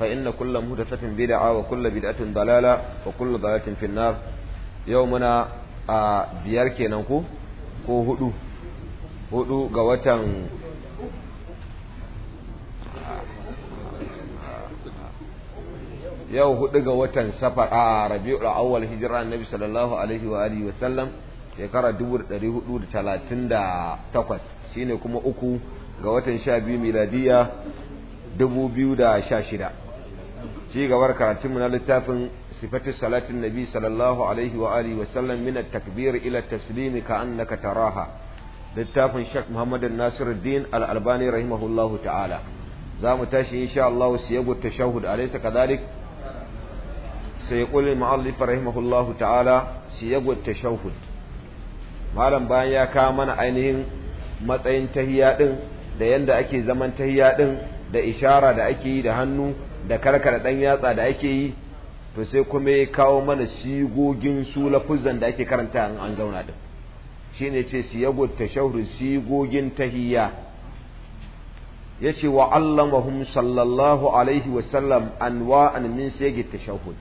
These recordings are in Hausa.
فإن كل مهدفة بدعة وكل بدعة ضلالة وكل ضلالة في النار يومنا بياركي kenan ko هدو هدو hudu yau hudu ga watan safar a rabi'ul awwal hijira annabi sallallahu alaihi wa alihi wa sallam shekara 1438 shine kuma uku ga watan 12 miladiya 2016 ci gabar karatunmu na littafin sifatu salatin nabi sallallahu alaihi wa alihi wa sallam min at-takbir ila at-taslim ka annaka taraha littafin Sheikh Muhammad Nasiruddin Al-Albani rahimahullahu ta'ala za mu tashi insha Allah siyagu tashahhud alaysa kadhalik sayqul al-mu'allif rahimahullahu ta'ala siyagu tashahhud malam bayan ya kawo mana ainihin matsayin tahiya din da yanda ake zaman tahiya din da ishara da ake yi da hannu da karkara ɗan yatsa da ake yi to sai kuma ya kawo mana sigogin su lafuzan da ake karanta an an zauna din shi ne ce siyago sigogin tahiyya yace wa allamahum sallallahu alaihi wa sallam anwa'an min siyagi tashahhud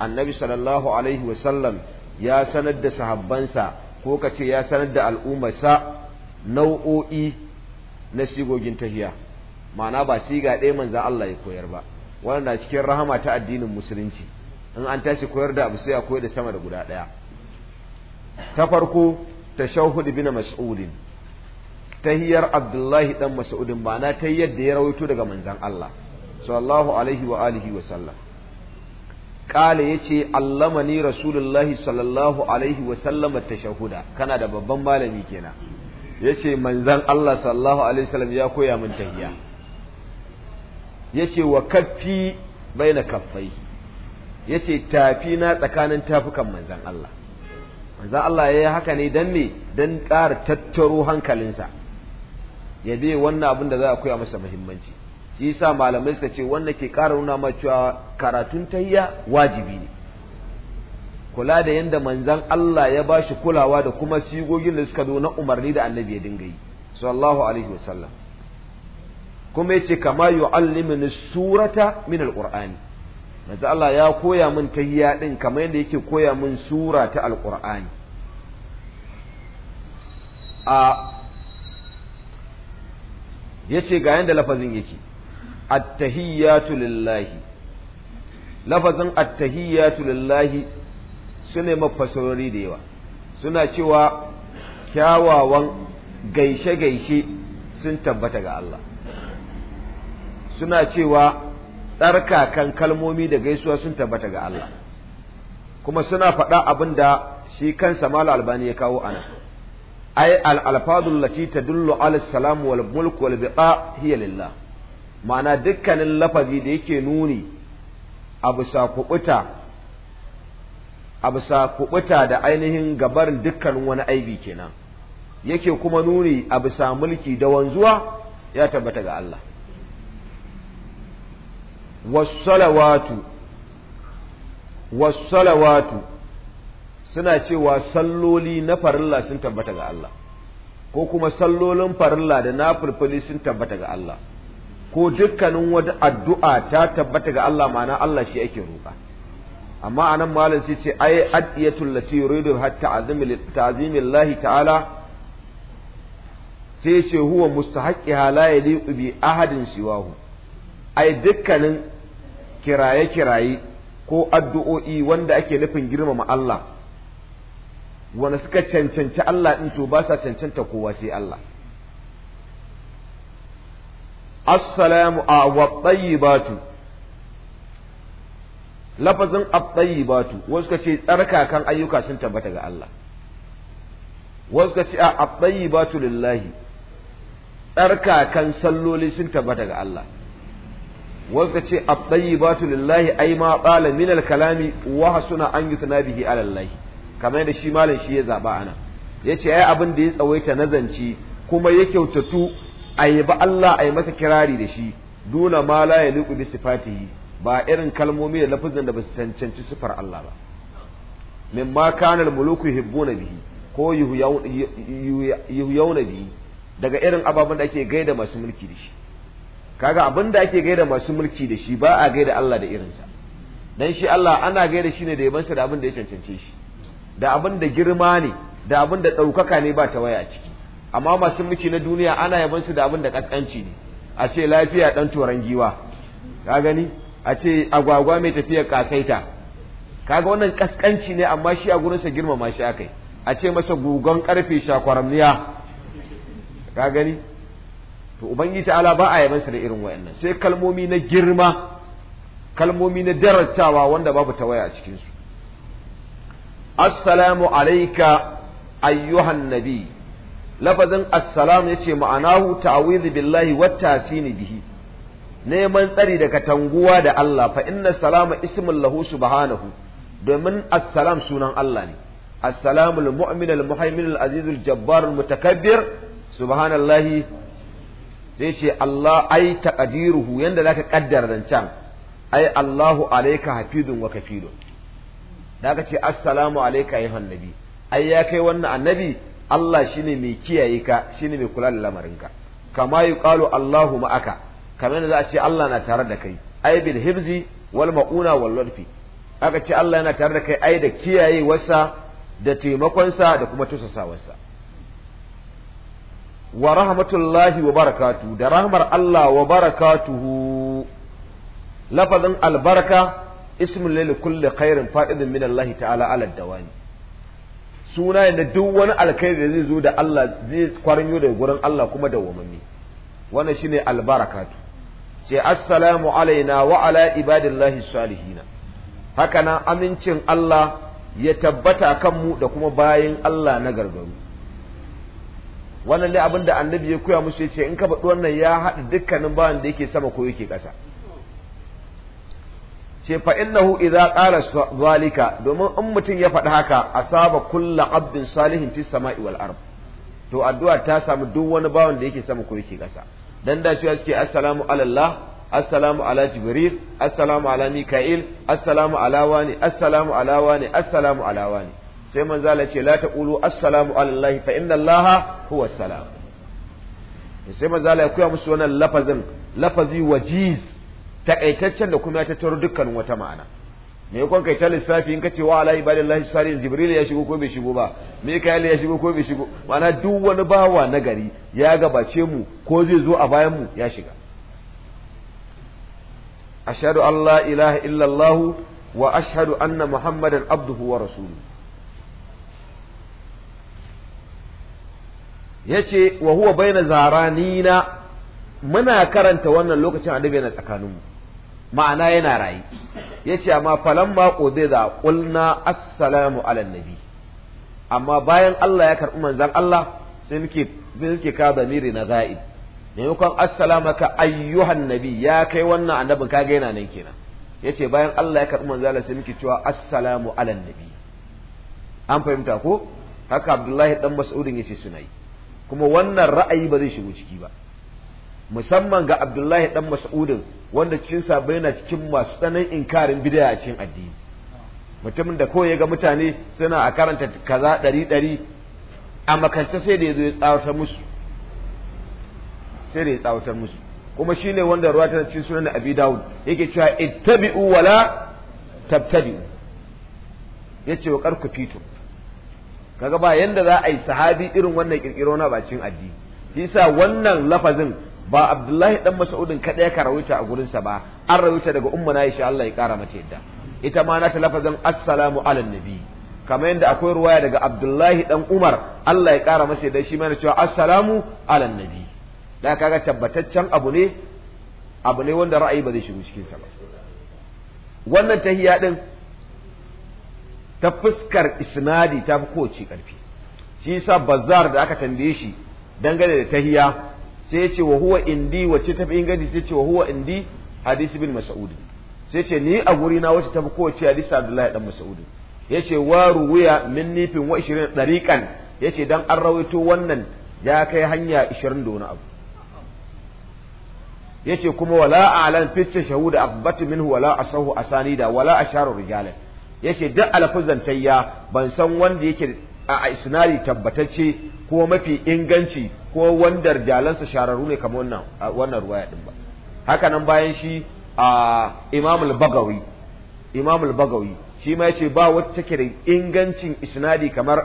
annabi sallallahu alaihi wa sallam ya sanar da sahabbansa ko kace ya sanar da al'ummarsa nau'o'i na sigogin tahiyya ma'ana ba siga ɗaya manzan Allah ya koyar ba wannan cikin rahama ta addinin musulunci in an tashi koyar da abu sai a koyar da sama da guda ɗaya ta farko tashahhud bin mas'udin tahiyar abdullahi dan mas'udin ma'ana ta yadda ya rawaito daga manzan Allah sallallahu alaihi wa alihi wa sallam قال يتي علمني rasulullahi sallallahu alaihi wa sallam وسلم التشهد Kana da babban malami kenan yace manzan Allah sallallahu alaihi wasallam ya koya min tahiyya yace wa kaffi baina kaffai yace tafi na tsakanin tafukan manzon Allah manzon Allah yayi haka ne dan ne dan ƙara tattaro hankalinsa ya bi wannan abin da za a koya masa muhimmanci shi yasa malamai suka ce wannan ke ƙara nuna ma cewa karatun tayya wajibi ne kula da yadda manzan Allah ya bashi kulawa da kuma sigogin da suka zo na umarni da annabi ya dinga yi sallallahu alaihi wasallam kuma yace kama yu'allimuni surata min alqur'ani manzo Allah ya koya min tahiyya din kamar yadda yake koya min sura ta alqur'ani a yace ga yanda lafazin yake at-tahiyyatu lillahi lafazin at-tahiyyatu lillahi sune mafasarori da yawa suna cewa kyawawan gaishe-gaishe sun tabbata ga Allah suna cewa tsarkakan kalmomi da gaisuwa sun tabbata ga Allah kuma suna faɗa abin da shi kansa malu albani ya kawo anan ai al alfadul lati tadullu ala salam wal mulk wal biqa hiya lillah ma'ana dukkanin lafazi da yake nuni abu sa kubuta abu sa kubuta da ainihin gabarin dukkanin wani aibi kenan yake kuma nuni abu sa mulki da wanzuwa ya tabbata ga Allah wassalawatu wassalawatu suna cewa salloli na farilla sun tabbata ga Allah ko kuma sallolin farilla da na fulfuli sun tabbata ga Allah ko dukkanin wata addu'a ta tabbata ga Allah ma'ana Allah shi ake roƙa amma nan malam sai ce ai adiyatul lati yuridu hatta azimi lahi ta'ala sai ce huwa mustahaqqi la yaliqu bi ahadin siwahu ai dukkanin kiraye-kiraye ko addu'o'i wanda ake nufin girmama Allah wanda suka cancanci Allah in to ba sa cancanta kowa sai Allah assalamu a waɗayi lafazin abdayi batu wasu ka ce tsarkakan ayyuka sun tabbata ga Allah wasu ka ce a abdayi batu lillahi tsarkakan salloli sun tabbata ga Allah wasu ce at-tayyibatu lillahi ai ma qala min al-kalami wa hasuna an yutna bihi ala kamar da shi malam shi ya zaba ana ce ai abin da ya tsawaita nazanci kuma ya kyautatu ayi ba Allah ayi masa kirari da shi duna ma la yaliqu bi sifatihi ba irin kalmomi da lafazin da ba su cancanci sifar Allah ba mimma kana al-muluku yuhibbuna bihi ko yuhyawna bihi daga irin ababen da ake gaida masu mulki da shi kaga abin da ake gaida masu mulki da shi ba a gaida Allah da irinsa dan shi Allah ana gaida shi ne da yabansa da abin da ya cancance shi da abin da girma ne da abin da ɗaukaka ne ba ta waya a ciki amma masu mulki na duniya ana yabansu da abin da ƙasƙanci ne a ce lafiya ɗan turan giwa ka gani a ce agwagwa mai tafiya kasaita kaga wannan ƙasƙanci ne amma shi a gurinsa girmama shi akai a ce masa gugon ƙarfe shakwaramniya ka gani to ubangiji ta'ala ba a yabansa da irin wayannan sai kalmomi na girma kalmomi na darattawa wanda babu tawaya a cikin su assalamu alayka ayyuhan nabi lafazin assalamu yace ma'anahu ta'awidhu billahi wa tasini bihi neman tsari daga tanguwa da Allah fa inna salama ismun lahu subhanahu domin assalam sunan Allah ne assalamu al-mu'min al-muhaymin al-aziz subhanallahi sai ce Allah ai taqdiruhu yanda zaka kaddara zancan ai Allahu alayka hafidun wa Da daga ce assalamu alayka ayyuhan nabi ai ya kai wannan annabi Allah shine mai kiyaye ka shine mai kula da lamarinka kama yuqalu Allahu ma'aka kamar yadda za a ce Allah na tare da kai ai bil hibzi wal mauna wal ladfi aka ce Allah yana tare da kai ai da kiyayewarsa da taimakonsa da kuma tusasawarsa wa rahmatullahi wa barakatu da rahmar Allah wa barakatuhu lafazin albarka ismun lil kulli khairin fa'idun min Allah ta'ala ala dawani suna da duk wani alkhairi da zai zo da Allah zai kwarinyo da gurin Allah kuma da wamanni wannan shine albarakatu ce assalamu alaina wa ala ibadillahi salihina haka nan amincin Allah ya tabbata kanmu da kuma bayin Allah na gargaru wannan dai abin da annabi ya koya musu yace in ka faɗi wannan ya haɗa dukkanin bawan da yake sama ko yake ƙasa ce fa innahu idza qala zalika domin in mutum ya faɗi haka asaba kullu abdin salihin fi sama'i wal ard to addu'a ta samu duk wani bawan da yake sama ko yake ƙasa dan da cewa suke assalamu Allah assalamu ala jibril assalamu ala mika'il assalamu ala wani assalamu ala wani assalamu ala wani sai manza Allah ce la taqulu assalamu alallahi fa inna allaha huwa salam sai manzo Allah ya koya musu wannan lafazin lafazi wajiz takaitaccen da kuma ya tattaro dukkan wata ma'ana me yakon kai ta lissafi in kace wa ala ibadillahi sarin jibril ya shigo ko bai shigo ba mikael ya shigo ko bai shigo ma'ana duk wani bawa na gari ya gabace mu ko zai zo a bayan mu ya shiga ashhadu an la ilaha allah wa ashhadu anna muhammadan abduhu wa rasuluhu yace wa huwa zara zaranina muna karanta wannan lokacin a annabi na tsakaninmu ma'ana yana rayi yace amma falamma qudida kulna assalamu ala nabi amma bayan Allah ya karbi manzan Allah sai muke muke ka zamiri na za'id maimakon assalamu ka ayyuhan nabi ya kai wannan annabin ka yana nan kenan yace bayan Allah ya karbi manzan Allah sai muke cewa assalamu ala nabi an fahimta ko haka Abdullahi dan Mas'udin yace suna yi kuma wannan ra'ayi ba zai shigo ciki ba musamman ga Abdullahi dan Mas'udin wanda cikin sabbai yana cikin masu tsanan inkarin bid'a a cikin addini mutumin da kawai ya ga mutane suna a karanta kaza ɗari ɗari a makance sai da ya zo ya tsawatar musu sai da ya tsawatar musu kuma shi ne wanda ruwa ta cikin sunan abi dawud yake cewa ittabi'u wala tabtabi'u yace wa karku fito. kaga ba yanda za a yi sahabi irin wannan kirkiro na bacin addini yasa wannan lafazin ba Abdullahi dan Mas'udin kada ya karawuta a gurin sa ba an rawuta daga ummu na Aisha Allah ya kara mata yadda ita ma na ta lafazin assalamu ala nabi kamar yadda akwai ruwaya daga Abdullahi dan Umar Allah ya kara masa yadda shi mana cewa assalamu ala nabi da kaga tabbataccen abu ne abu ne wanda ra'ayi ba zai shigo cikin sa ba wannan tahiya din ta fuskar isnadi ta fi kowace ƙarfi shi sa bazar da aka tambaye shi dangane da tahiya sai ya ce wa huwa indi wacce ta fi ingaji sai ce wa huwa indi hadisi bin mas'ud sai ce ni a guri na wacce ta fi kowace hadisi abdullahi dan mas'ud ya ce wa ruwiya min nifin wa ishirin ɗariƙan ya ce dan an rawaito wannan ya kai hanya ishirin da wani abu ya ce kuma wala a'lan shahu shahuda abbatu min wala asahu da wala asharu rijalan yace duk alfuzan tayya ban san wanda yake a isnari tabbatacce ko mafi inganci ko wanda jalansa shararu ne kamar wannan wannan ruwaya din ba haka nan bayan shi a Imam al-Bagawi Imam al-Bagawi shi ma yace ba wata take da ingancin isnadi kamar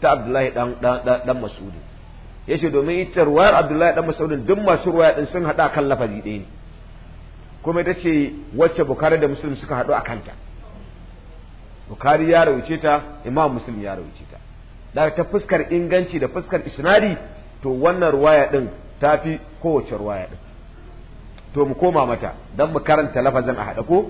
ta Abdullahi dan dan Mas'udi yace domin ita ruwayar Abdullahi dan Mas'udin duk masu ruwaya din sun hada kan lafazi ɗaya ne kuma ita ce wacce Bukhari da Muslim suka hadu a kanta Bukhari ya rawaice ta Imam Muslim ya rawaice ta Da ta fuskar inganci da fuskar isnadi to wannan ruwaya din ta fi kowace ruwaya din to mu koma mata dan mu karanta lafazin a hada ko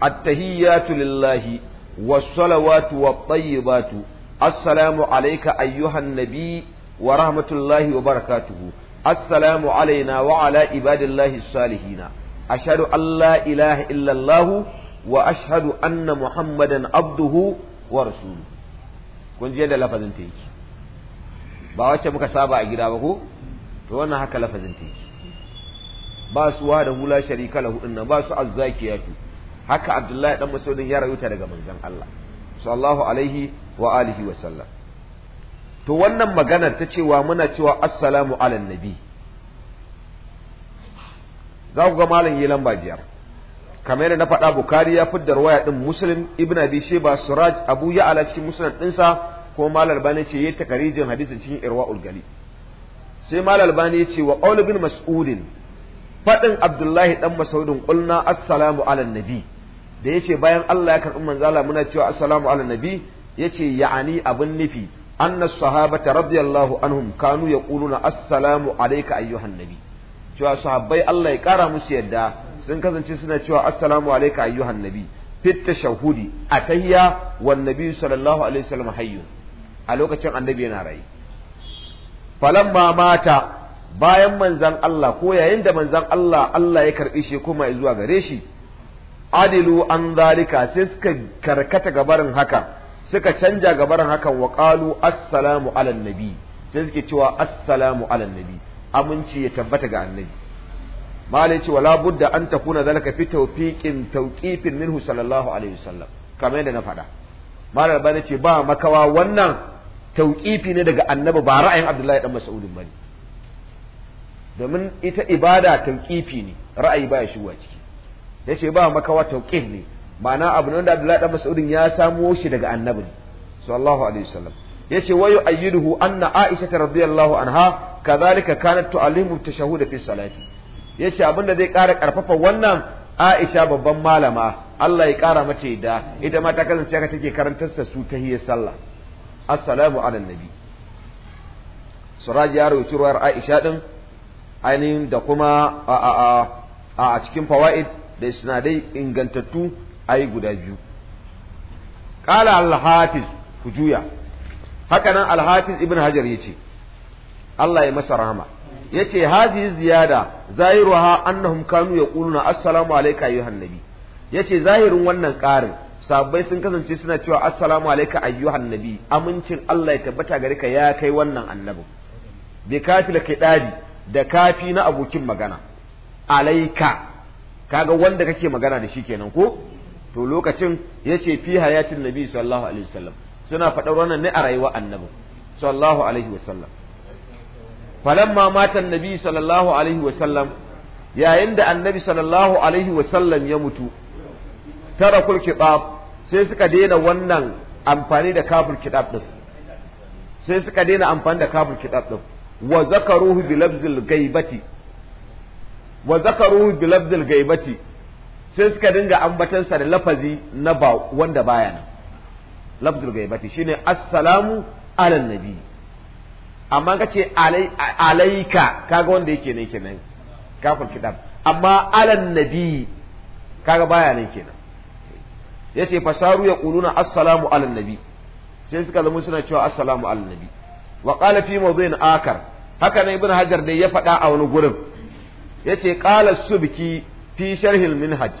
at-tahiyyatu lillahi was-salawatu wat-tayyibatu assalamu alayka ayyuhan nabi wa rahmatullahi wa barakatuhu assalamu alayna wa ala ibadillahi salihina Ashadu an la ilaha illallah wa ashadu anna muhammadan abduhu wa rasuluhu kun ji yadda lafazin ta ba wacce muka saba a gida ba ko to wannan haka lafazin ta ba su wa da hula sharika lahu dinnan ba su azzakiyatu haka abdullahi dan masudin ya rayuta daga manzan Allah sallallahu alaihi wa alihi wa sallam to wannan maganar ta cewa muna cewa assalamu ala nabi za ku ga malam yi lamba biyar kamar yadda na faɗa bukari ya fitar waya din muslim ibn abi sheba suraj abu ala cikin musulun ɗinsa ko mal albani ce yayi takarijin hadisin cikin irwa gali sai malam albani ya ce wa qaul mas'udin faɗin abdullahi dan mas'udin qulna assalamu ala nabi da yace bayan Allah ya karɓi manzala muna cewa assalamu ala nabi yace ya'ani abin nufi anna sahabata radiyallahu anhum kanu yaquluna assalamu alaika ayyuhan nabi cewa sahabbai Allah ya kara musu yadda sun kasance suna cewa assalamu alayka ayyuhan nabi fit tashahudi atayya wan nabi sallallahu alaihi wasallam hayyu a lokacin annabi yana rai falamma mata bayan manzan Allah ko yayin da manzan Allah Allah ya karbi shi kuma ya zuwa gare shi adilu an zalika sai suka karkata gabarin haka suka canja gabarin hakan wa qalu assalamu ala nabi sai suke cewa assalamu ala nabi aminci ya tabbata ga annabi malai ce, wala budda an takuna zalaka fi tawfiqin tawqifin minhu sallallahu alaihi wasallam kamar yadda na faɗa mala albani ce ba makawa wannan tawqifi ne daga annabi ba ra'ayin abdullahi dan mas'udin ne. domin ita ibada tawqifi ne ra'ayi baya shigowa ciki yace ba makawa tawqif ne ma'ana abu ne da abdullahi dan mas'udin ya samo shi daga annabi sallallahu alaihi wasallam yace wayu ayyiduhu anna aisha radhiyallahu anha kazalika kanat tu'allimu tashahuda fi salati yace da zai kara ƙarfafa wannan Aisha babban malama Allah ya kara mata yadda ita ma ta kasance ka take karantar sa su tahiyyar sallah assalamu ala nabi Suraji ya rawaito ruwayar Aisha din ainihin da kuma a a cikin fawaid da sinadai ingantattu ayi guda biyu qala al-hafiz ku juya haka nan al-hafiz ibn hajar yace Allah ya masa rahama yace hadhihi ziyada ha annahum kanu yaquluna assalamu alayka ayyuhan nabi yace zahirin wannan ƙarin sabbai sun kasance suna cewa assalamu alayka ayyuhan nabi amincin Allah ya tabbata gare ka ya kai wannan annabin bi da kidadi da kafi na abokin magana alayka kaga wanda kake magana da shi kenan ko to lokacin yace fi hayatin nabi sallallahu alaihi wasallam suna faɗar wannan ne a rayuwar annabi sallallahu alaihi wasallam falamma مات nabi صلى الله wa sallam yayin da annabi صلى الله wa sallam ya mutu tarakul kitab sai suka daina wannan amfani da kafir kitab din sai suka daina amfani da kafir kitab din wa zakaruhu bi labzil gaibati wa zakaruhu bi labzil gaibati sai suka dinga ambatansa da lafazi na ba wanda baya nan Gaibati. ghaibati shine assalamu ala nabi amma ka ce alaika kaga wanda yake ne kenan kafin kitab amma alan nabi kaga baya ne kenan yace fasaru ya kuluna assalamu alan nabi sai suka zama suna cewa assalamu alan nabi wa qala fi mawdhin akar haka ne ibn hajar dai ya faɗa a wani gurin yace qala subki fi sharhil minhaj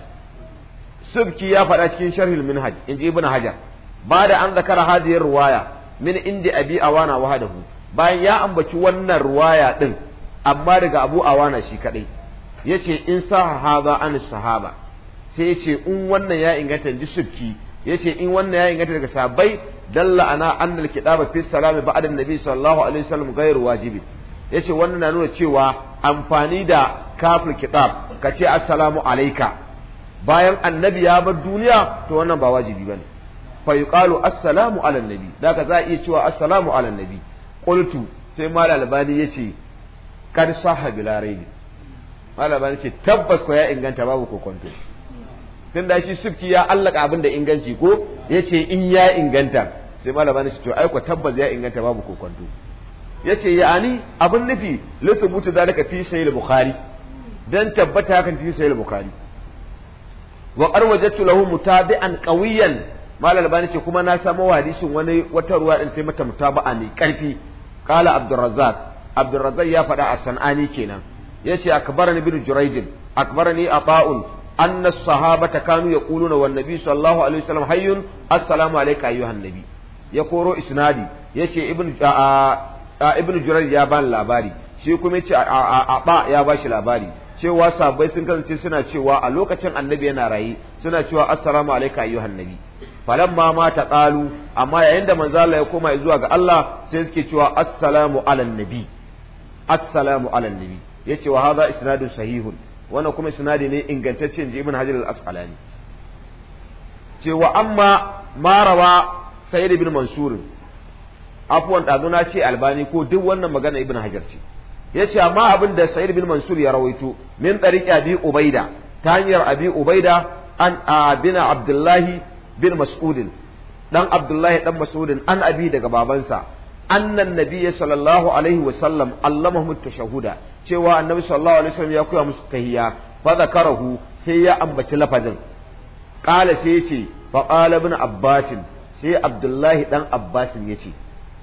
subki ya faɗa cikin sharhil minhaj inji ibn hajar ba da an zakara hadiyar ruwaya min indi abi awana wahadahu bayan ya ambaci wannan ruwaya ɗin amma daga Abu Awana shi ya yace in sa haza an sahaba sai yace in wannan ya inganta ji shirki yace in wannan ya inganta daga sahabbai dalla ana annal kidaba fi salami ba'da nabi sallallahu alaihi wasallam gayar wajibi yace wannan na nuna cewa amfani da kafin kitab ce assalamu alaika bayan annabi ya bar duniya to wannan ba wajibi ne fa yuqalu assalamu ala nabi da ka za a iya cewa assalamu ala nabi qultu sai mal albani yace kad sahha bilaraini mal albani ce tabbas ko ya inganta babu kokonto tun da shi subki ya allaka abin da inganci ko yace in ya inganta sai mal albani ce to ai ko tabbas ya inganta babu kokonto yace yani abin nufi lissa mutu zalika fi sahih bukhari dan tabbata hakan cikin sahih bukhari wa qad wajadtu lahu mutabi'an qawiyan mal albani ce kuma na samu hadisin wani wata ruwa din sai mata mutaba'a ne karfi qala abdurrazzaq abdurrazzaq ya faɗa a san'ani kenan yace akbarani bin juraijin akbarani ata'un anna sahaba ta kanu na wan nabi sallallahu alaihi wasallam hayyun assalamu alayka wa nabi ya koro isnadi yace ce ibn Juraid ya bani labari shi kuma yace a ba ya ba shi labari cewa sabai sun kasance suna cewa a lokacin annabi yana raye suna cewa assalamu alayka ayyuhan nabi falan falamma mata qalu amma yayin da Manzala ya koma zuwa ga Allah sai suke cewa assalamu ala nabi assalamu ala nabi yace wa haza isnadun sahihun wannan kuma isnadi ne ingantaccen ji ibn hajar al-asqalani cewa amma marawa sayyid ibn mansur afwan dazuna ce albani ko duk wannan magana ibn hajar ce yace amma abin da sayyid ibn mansur ya rawaito min tariqi abi ubaida ta hanyar abi ubaida an abina abdullahi bin mas'udin dan abdullahi dan mas'udin an abi daga babansa annan nabiy sallallahu alaihi wa sallam allama mu tashahuda cewa annabi sallallahu alaihi wasallam ya koya musu tahiyya fa zakarahu sai ya ambaci lafazin qala sai yace fa qala ibn abbas sai abdullahi dan abbas yace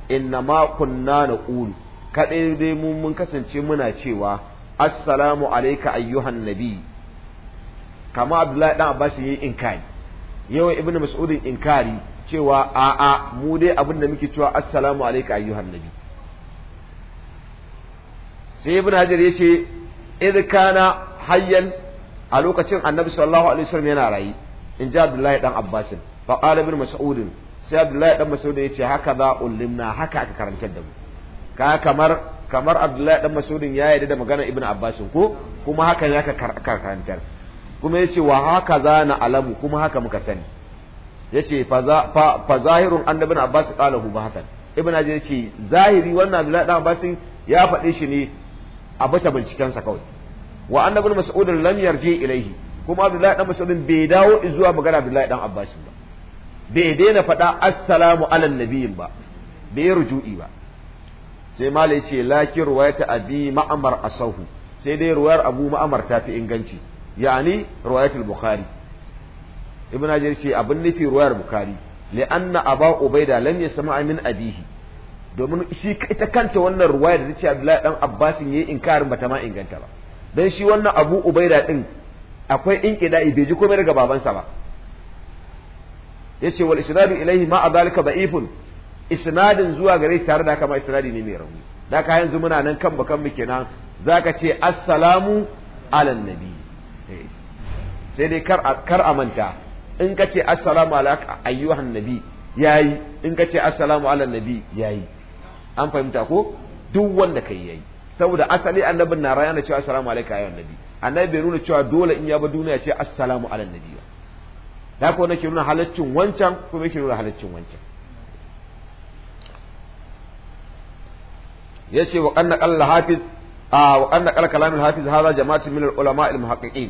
inna ma kunna naqulu kadai dai mun mun kasance muna cewa assalamu alayka ayyuhan nabi kama abdullahi dan abbas yayi inkari yawa Ibn mas'udin inkari cewa a'a mu dai abin da muke cewa assalamu alayka ayyuhan nabi sai ibn hajar ce, idh kana hayyan a lokacin annabi sallallahu alaihi wasallam yana rayi in ji abdullahi dan abbas fa qala ibn mas'ud sai abdullahi dan mas'ud ce haka za ulimna haka aka karantar da mu ka kamar kamar abdullahi dan mas'ud ya yarda da magana ibn abbas ko kuma haka ya ka karantar kuma yace wa haka za na alamu kuma haka muka sani yace fa zahirun annabin abbas qala hu bahatan ibn ajir yace zahiri wannan abdullahi dan abbas ya faɗe shi ne a bisa binciken sa kawai wa annabi mas'ud lam yarji ilaihi kuma abdullahi dan mas'ud bai dawo zuwa magana abdullahi dan abbas ba bai daina faɗa assalamu alal nabiyin ba bai ruju'i ba sai malai yace lakin ruwayata abi ma'amar asahu sai dai ruwayar abu ma'amar ta fi inganci yani رواية البخاري ibn عجل ce أبن في رواية البخاري لأن أبا ubaida lam يسمع من abihi domin shi ita kanta wannan ruwaya da tace Abdullahi dan Abbas yayi inkarin bata ma inganta ba dan shi wannan Abu Ubaida din akwai inqida'i bai ji komai daga babansa ba yace wal isnadu ilayhi ma adalika da'ifun isnadin zuwa gare shi tare da kama isnadi ne mai rauni da ka yanzu muna nan kan bakan mu kenan zaka ce assalamu alan nabi sai dai kar a manta in ka ce assalamu alaka ayyuhan nabi yayi in ka ce assalamu ala nabi yayi an fahimta ko duk wanda kai yayi saboda asali annabin na rayana cewa assalamu alayka ayyuhan nabi annabi bai nuna cewa dole in ya ba duniya ce assalamu ala nabi ba da ko nake nuna halaccin wancan kuma nake nuna halaccin wancan yace wa qanna qalla hafiz wa qanna qalla kalamul hafiz hada jama'atun min al ulama al muhaqqiqin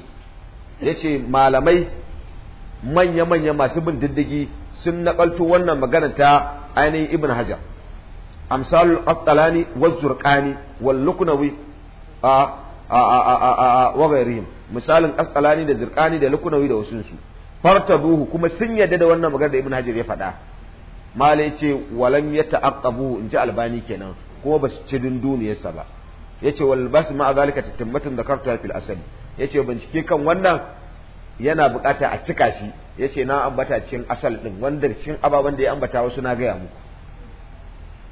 yace malamai manya-manya masu bin diddigi sun naƙalto wannan magana ta ainihin ibn hajar amsalul qattalani wa zurqani wal luknawi a a a a misalin qattalani da zurqani da luknawi da wasunsu fartabuhu kuma sun yadda da wannan magana da ibn hajar ya faɗa mala yace walam yata'aqabu in ji albani kenan kuma ba su ci dunduniyarsa ba yace wal bas ma'a zalika tatimmatun zakartu fil asali yace bincike kan wannan yana bukata a cika shi yace na ambata cikin asal din wanda cikin ababen da ya ambata wasu na gaya muku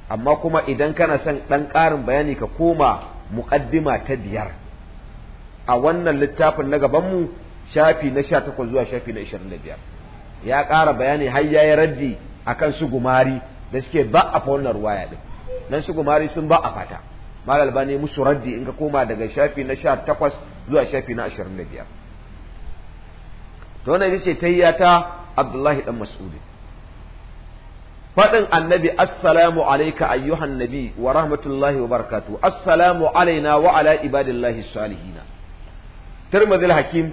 amma kuma idan kana son ɗan ƙarin bayani ka koma mukaddima ta biyar a wannan littafin na gaban mu shafi na 18 zuwa shafi na 25 ya ƙara bayani har yayi raddi akan su gumari da suke ba a fa wannan ruwaya din nan su gumari sun ba a fata mal ne musu raddi in ka koma daga shafi na takwas. zuwa shafi na biyar. to wannan yace tayya ta Abdullahi dan mas'udi Faɗin annabi assalamu alaika ayyuhan nabi wa rahmatullahi wa barakatuh assalamu alaina wa ala ibadillahi salihina Tirmidhi hakim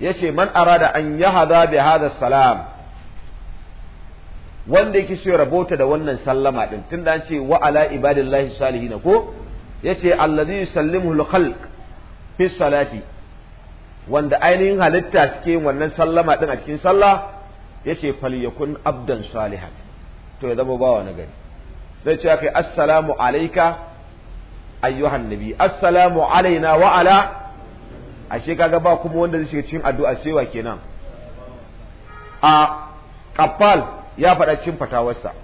yace man arada an yahada bi hadha salam wanda yake so ya rabota da wannan sallama din tunda an ce wa ala ibadillahi salihina ko yace allazi yusallimu al-khalq fi salati wanda ainihin halitta suke wannan sallama din a cikin sallah yace falyakun abdan salihan to ya zama bawa na gari zai ce kai assalamu alayka ayyuhan nabi assalamu alaina wa ala ashe kaga ba kuma wanda zai shiga cikin addu'a sai wa kenan a kafal ya faɗa cikin fatawarsa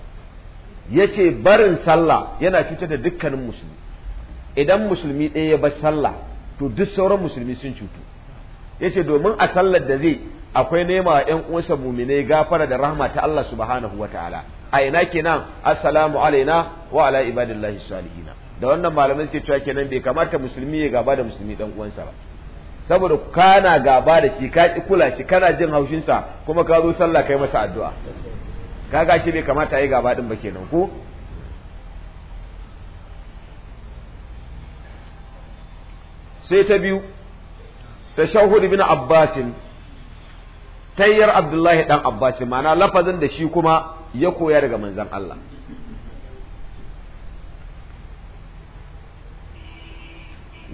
yace barin sallah yana cutar da dukkanin musulmi idan musulmi ɗaya ya bar sallah to duk sauran musulmi sun cutu Ya ce domin a sallar da zai akwai nema wa ƴan uwansa muminai gafara da rahama ta Allah subhanahu Ta'ala a ina kenan assalamu alaina wa ala ibadillahi salihina da wannan malamai ke cewa kenan bai kamata musulmi ya gaba da musulmi ɗan uwansa ba saboda ka na gaba da shi ka kula shi kana jin haushinsa kuma ka zo sallah kai masa addu'a kaga shi bai kamata yi gaba din ba kenan ko sai ta biyu ta tashahhud ibn abbas tayyar abdullahi dan abbas ma'ana lafazin da shi kuma ya koya daga manzan Allah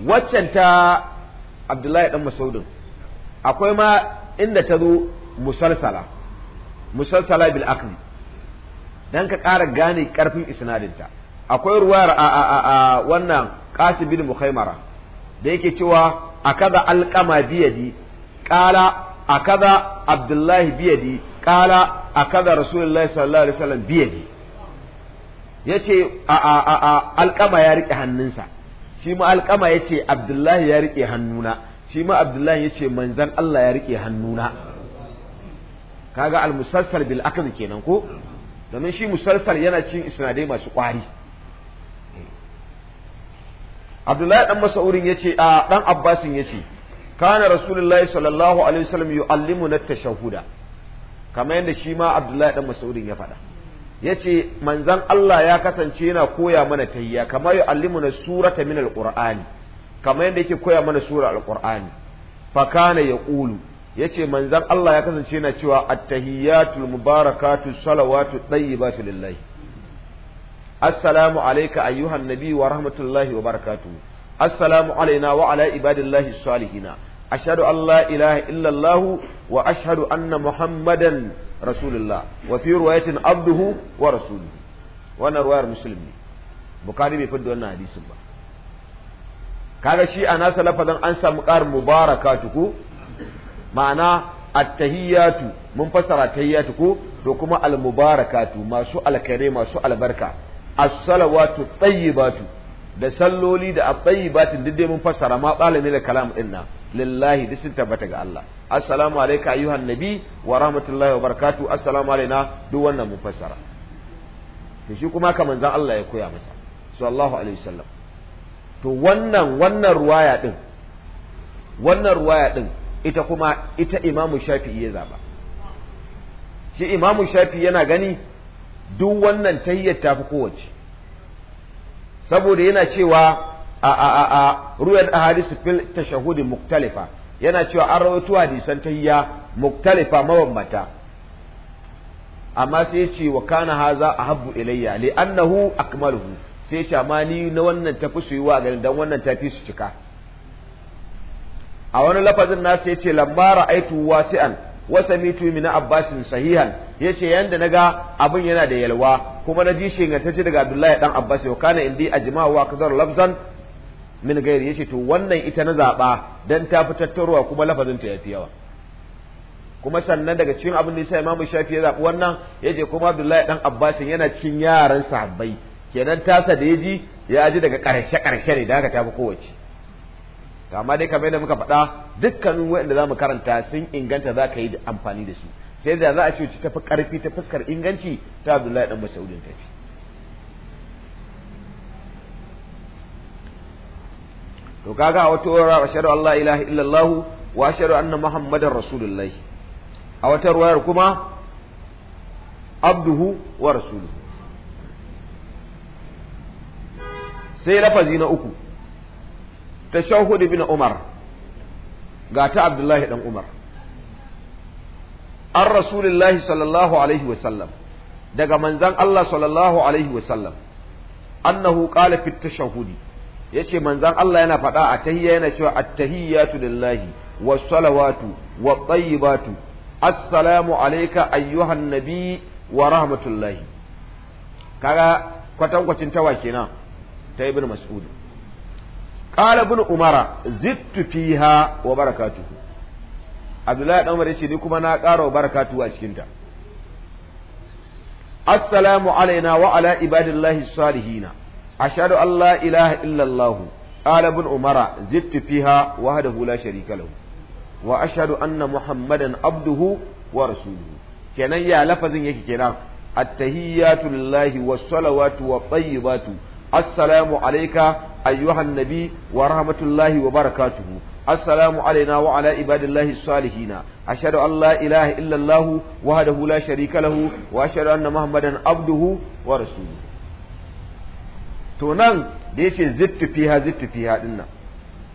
waccan ta abdullahi dan masaudin akwai ma inda ta zo musalsala musalsala bil akli dan ka ƙara gane ƙarfin isnadinta akwai ruwayar a a a wannan qasim bin mukhaimara da yake cewa akaza alqama biyadi qala akaza abdullahi biyadi qala akaza rasulullahi sallallahu alaihi wasallam biyadi yace a a a alqama ya rike hannunsa shi ma alqama yace abdullahi ya rike hannuna shi ma abdullahi yace manzan Allah ya rike hannuna kaga al-musalsal bil akd kenan ko domin shi musalsal yana cin isnadai masu kwari abdullahi dan mas'udin yace a dan abbasin yace kana rasulullahi sallallahu alaihi wasallam yu'allimuna na tashahuda kamar yadda shi ma abdullahi dan mas'udin ya faɗa yace manzon Allah ya kasance yana koya mana tahiyya kamar na surata min alqur'ani kamar yadda yake koya mana sura al fa kana yaqulu yace manzon Allah ya kasance yana cewa at tahiyatul mubarakatu salawatu tayyibatu lillahi assalamu alaika ayyuhan nabi wa rahmatullahi wa barakatuh assalamu alayna wa ala ibadillahi salihina ashhadu an la ilaha illallah wa ashhadu anna muhammadan rasulullah wa fi abduhu wa rasuluhu wannan ruwayar musulmi bukari bai fidda wannan hadisin ba ga shi a nasa lafazan an samu ƙarin mubarakatu ko ma'ana attahiyatu mun fasara tahiyatu ko to kuma almubarakatu masu alkare masu albarka as-salawatu tayyibatu da salloli da at-tayyibatin duk dai mun fassara ma balami da kalam din lillahi duk sun tabbata ga Allah assalamu alayka ayyuhan nabi wa rahmatullahi wa barakatuh assalamu alayna duk wannan mun fassara to shi kuma kaman zan Allah ya koya masa sallallahu alaihi wasallam to wannan wannan ruwaya din wannan ruwaya din ita kuma ita imamu shafi'i ya zaba shi imamu shafi'i yana gani duk wannan tayyar ta fi kowace saboda yana cewa a a a a ruwan ahadisu fil tashahudi muktalifa yana cewa an rawaito hadisan tayya muktalifa mabambata amma sai ce wa kana haza ahabbu ilayya li annahu akmaluhu sai ce amma ni na wannan tafi su yi wa dan wannan tafi su cika a wani lafazin na sai ce lambara aitu wasi'an wa samitu min Abbas sahihan yace yanda naga abin yana da yalwa kuma na ji shingantacce daga Abdullahi dan Abbas wa kana indi ajma'u wa kadar lafzan min gairi yace to wannan ita na zaba dan ta fi tattaruwa kuma lafazin ta yafi yawa kuma sannan daga cikin abin da sai imamu Shafi ya zabi wannan yace kuma Abdullahi dan Abbas yana cikin yaran sahabbai kenan tasa da yaji ya ji daga karshe karshe ne da haka ta fi kowace amma dai kamar yadda muka faɗa dukkanin waɗanda za mu karanta sun inganta za ka yi amfani da su sai da za a ce ta fi ƙarfi ta fuskar inganci ta abdullahi dan masaudin tafi to kaga a wa wara ashhadu an la ilaha illallah wa ashhadu anna muhammadar rasulullahi a wata ruwayar kuma abduhu wa rasuluhu sai lafazi na uku tashahhud ibn umar ga ta abdullahi dan umar an rasulillahi sallallahu alaihi wa sallam daga manzan Allah sallallahu alaihi wa sallam annahu qala fi tashahhudi yace manzan Allah yana faɗa a tahiyya yana cewa at-tahiyyatu lillahi was salawatu wat tayyibatu assalamu alayka ayyuhan nabi wa rahmatullahi kaga kwatankwacin tawa kenan ta ibn mas'ud qala ibn umara zittu fiha wa barakatuhu abdullahi dan umar yace ni kuma na ƙara wa barakatuhu a cikin ta assalamu alaina wa ala ibadillahi salihina ashhadu an la ilaha illa allah qala ibn umara zittu fiha wahdahu la sharika lahu wa ashhadu anna muhammadan abduhu wa rasuluhu kenan ya lafazin yake kenan at-tahiyyatu lillahi was-salawatu wat-tayyibatu assalamu alayka Ayyuhannabi wa rahmatullahi wa barakatuhu assalamu alaina wa ala ibadillahi salihina ashhadu an la ilaha illa allah wahdahu la sharika lahu wa ashhadu muhammadan abduhu wa rasuluhu to nan da yace zittu fiha zittu fiha dinnan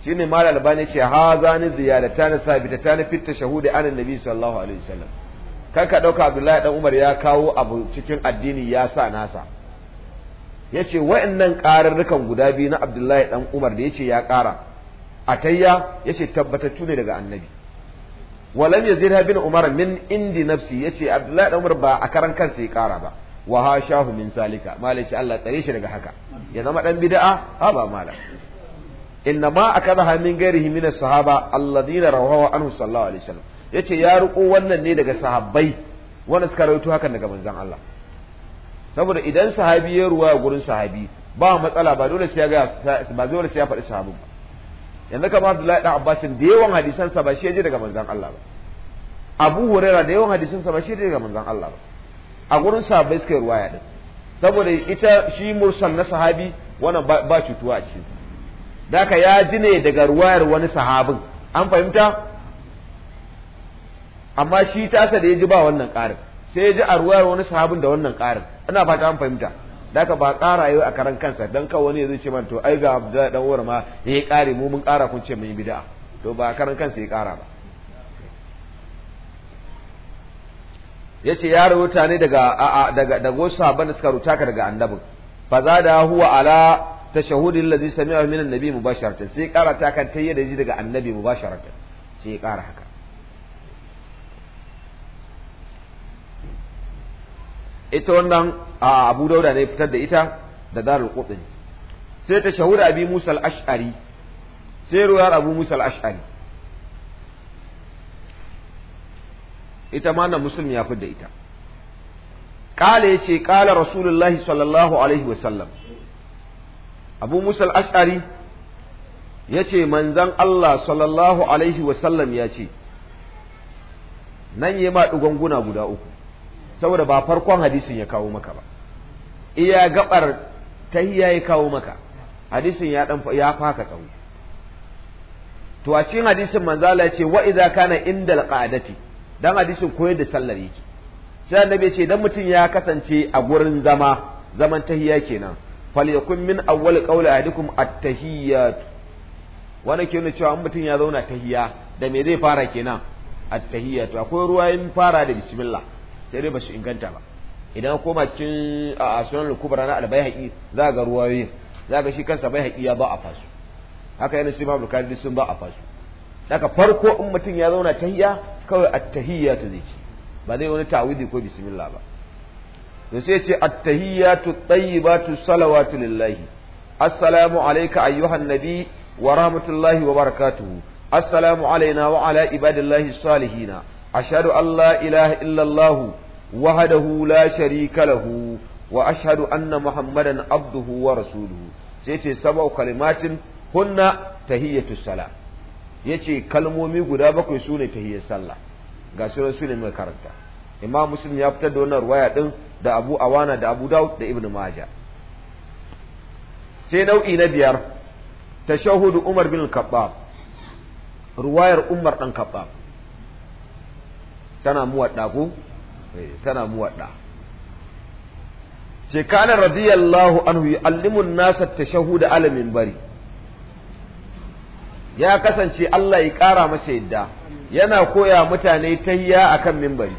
shine mal albani ce hazani ziyaratan sabitatan fit tashahudi an annabi sallallahu alaihi wasallam kar ka ɗauka abdullahi ɗan umar ya kawo abu cikin addini ya sa nasa yace wa'annan ƙararrukan guda biyu na Abdullahi ɗan Umar da yace ya ƙara ya yace tabbatattu ne daga annabi walam zira bin Umar min indi nafsi yace Abdullahi ɗan Umar ba a karan kansa ya ƙara ba wa shahu min salika malai Allah tsare shi daga haka ya zama ɗan bida'a? ha ba mala inna ma akadaha min ghairihi min as-sahaba alladina rawahu anhu sallallahu alaihi wasallam yace ya riko wannan ne daga sahabbai wanda suka rawaito hakan daga manzon Allah saboda idan sahabi ya ruwa gurin sahabi ba matsala ba dole sai ya ga ba dole sai ya faɗi sahabin ba yanzu kamar Abdullahi da Abbas da yawan hadisan sa ba shi je daga manzon Allah ba Abu Hurairah da yawan hadisan sa ba shi je daga manzon Allah ba a gurin sahabbai suka ruwaya din saboda ita shi mursal na sahabi wannan ba cutuwa a cikin sa daka ya ji ne daga ruwayar wani sahabin an fahimta amma shi tasa da ya ji ba wannan ƙarin sai ya ji a ruwayar wani sahabin da wannan ƙarin ina fata an fahimta da ka ba ƙara yau a karan kansa don kawo wani zai ce man to ai ga Abdullahi dan Umar ma yi ƙare mu mun ƙara kun ce mun yi bid'a to ba karan kansa ya ƙara ba Ya ce ya rubuta ne daga daga daga wasu sabon da suka rubuta ka daga annabin fa da huwa ala tashahudi alladhi sami'ahu minan nabi mubasharatan sai ƙara ta kan da ji daga annabi mubasharatan sai ya ƙara haka ita wannan a abu dauda ne fitar da ita da darul qutb sai ta shahura abi musa al-ash'ari sai ruwar abu musa al-ash'ari ita ma na muslim ya fitar da ita kala yace kala rasulullahi sallallahu alaihi wa sallam abu musa al-ash'ari yace manzan Allah sallallahu alaihi wa sallam yace nan yema dugunguna guda uku saboda ba farkon hadisin ya kawo maka ba iya gabar hiya ya kawo maka hadisin ya dan ya faka tsawo to a cikin hadisin manzo Allah ya ce wa idza kana indal qadati dan hadisin koyar da sallar yake sai annabi ya ce dan mutum ya kasance a gurin zama zaman tahiyya kenan falyakun min awwal qawli ahadikum at-tahiyyat Wani ke nuna cewa mutum ya zauna tahiyya da me zai fara kenan at-tahiyyat akwai ruwayin fara da bismillah sai dai ba su inganta ba idan koma cikin a sunan lukubara na al za ga ruwayoyin za ga shi kansa baihaqi ya ba a fasu haka yana Imam Bukhari sun ba a fasu daga farko in mutum ya zauna ta tahiyya kawai ta tahiyya ta zai ci ba zai wani ta'awudi ko bismillah ba to sai ce a ba tahiyyatu tayyibatu salawatu lillahi assalamu alaika ayyuhan nabi wa rahmatullahi wa barakatuhu assalamu alaina wa ala ibadillahi salihina Ashadu an la Illallahu illallah wahdahu la sharika lahu wa ashhadu anna muhammadan abduhu wa rasuluhu sai ce sab'u kalimatin hunna tahiyyatu salah yace kalmomi guda bakwai sune tahiyyar sallah ga su rasulun mai karanta imam muslim ya fita da wannan ruwaya din da abu awana da abu daud da ibnu maja sai nau'i na biyar ta tashahudu umar bin al-khattab ruwayar umar dan khattab tana muwadda ko tana eh, muwadda ce kana radiyallahu anhu an nasa tashahuda ala minbari ya kasance Allah ya kara masa yadda yana koya mutane tayya akan minbari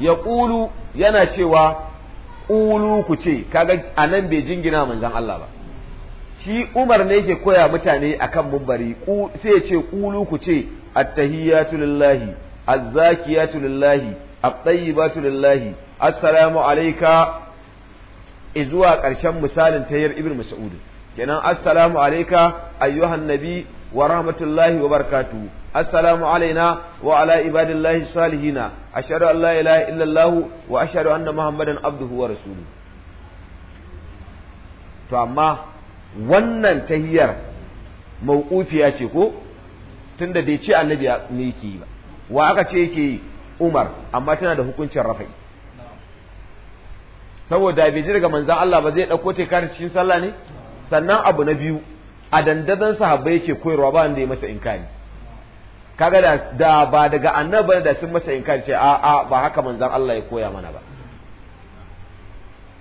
ya kulu yana cewa ƙulu ku ce kaga a nan bai jingina manzan Allah ba shi umar ne ke koya mutane akan mumbari sai ya ce ƙulu ku ce attahiyatu lillahi azzakiyatu lillahi at-tayyibatu lillahi assalamu alayka izuwa ƙarshen misalin tayyar ibn mas'ud kenan assalamu alayka ayyuhan nabi wa rahmatullahi wa barkatu assalamu alaina wa ala ibadillahi salihina ashhadu an la ilaha illallah wa ashhadu anna muhammadan abduhu wa rasuluhu to amma wannan tahiyyar mauqufiya ce ko tunda bai ce annabi ne yake ba wa aka ce yake Umar amma tana da hukuncin rafa'i saboda bai ji daga manzan Allah ba zai ɗauko ta kare cikin sallah ne sannan abu na biyu a dandazon sahabbai yake koyarwa ba wanda ya masa inkari kaga da da ba daga annabi da sun masa inkari ce a a ba haka manzan Allah ya koya mana ba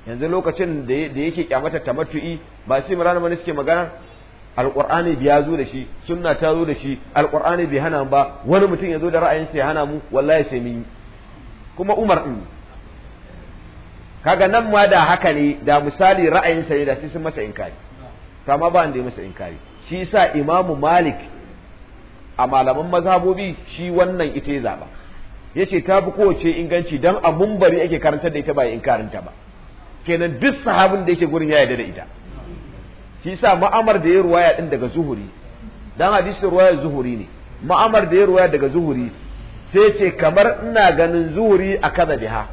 yanzu lokacin da yake kyamata tamattu'i ba su imran ne suke magana alqur'ani bi ya zo da shi sunna ta zo da shi alqur'ani bai hana ba wani mutum ya zo da ra'ayinsa ya hana mu wallahi sai mun kuma Umar din kaga nan ma da haka ne da misali ra'ayinsa ne da sai sun masa inkari to amma ba inda ya masa inkari shi yasa Imam Malik a malaman mazhabobi shi wannan ita ya zaba yace ta bi kowace inganci dan abun bari ake karantar da ita ba ta ba kenan duk sahabin da yake gurin ya yarda da ita shi sa ma'amar da ya ruwaya din daga zuhuri dan hadisin ruwaya zuhuri ne ma'amar da ya ruwaya daga zuhuri sai ce kamar ina ganin zuhuri a kaza biha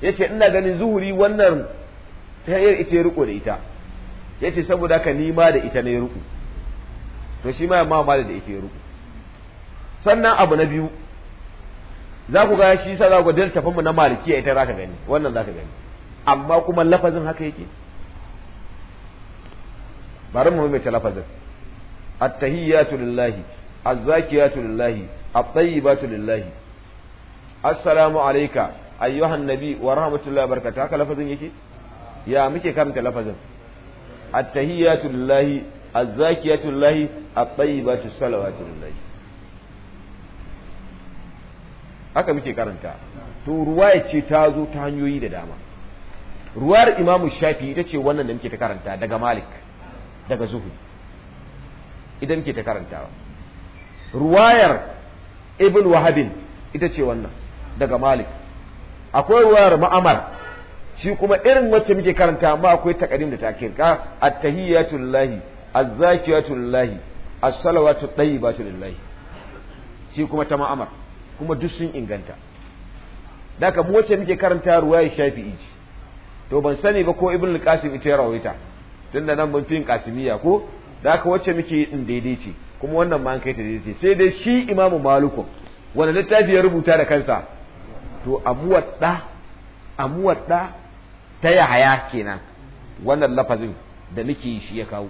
ce ina ganin zuhuri wannan ta hanyar ita ya riko da ita ce saboda ka ni ma da ita ne riko to shi ma ya ma da ita ya riko sannan abu na biyu za ku ga shi sa za ku ga dalta na malikiya ita za ka gani wannan za ka gani amma kuma lafazin haka yake bari mu mai talafazin at-tahiyyatu lillahi az lillahi at-tayyibatu lillahi assalamu alayka ayyuhan nabi wa rahmatullahi wa barakatuh haka lafazin yake ya muke karanta lafazin attahiyatu lillahi az lillahi at-tayyibatu salawatu lillahi haka muke karanta to ruwa ce ta zo ta hanyoyi da dama ruwar imamu shafi ita ce wannan da muke ta karanta daga malik daga zuhud idan ke ta karantawa ruwayar ibn wahabin ita ce wannan daga malik akwai ruwayar ma'amar shi kuma irin wacce muke karanta amma akwai takarim da takir ka at-tahiyatu lillahi az-zakiyatu lillahi as-salawatu tayyibatu lillahi shi kuma ta ma'amar kuma duk sun inganta daga mu wacce muke karanta ruwayar shafi'i to ban sani ba ko ibn al-qasim ita ya rawaita da nan mun fi yin kasimiya ko da aka wacce muke yi din daidai ce kuma wannan ma an kai ta daidai ce sai dai shi imamu maluku wanda littafi ya rubuta da kansa to amuwar da amuwar da ta yahaya kenan wannan lafazin da muke yi shi ya kawo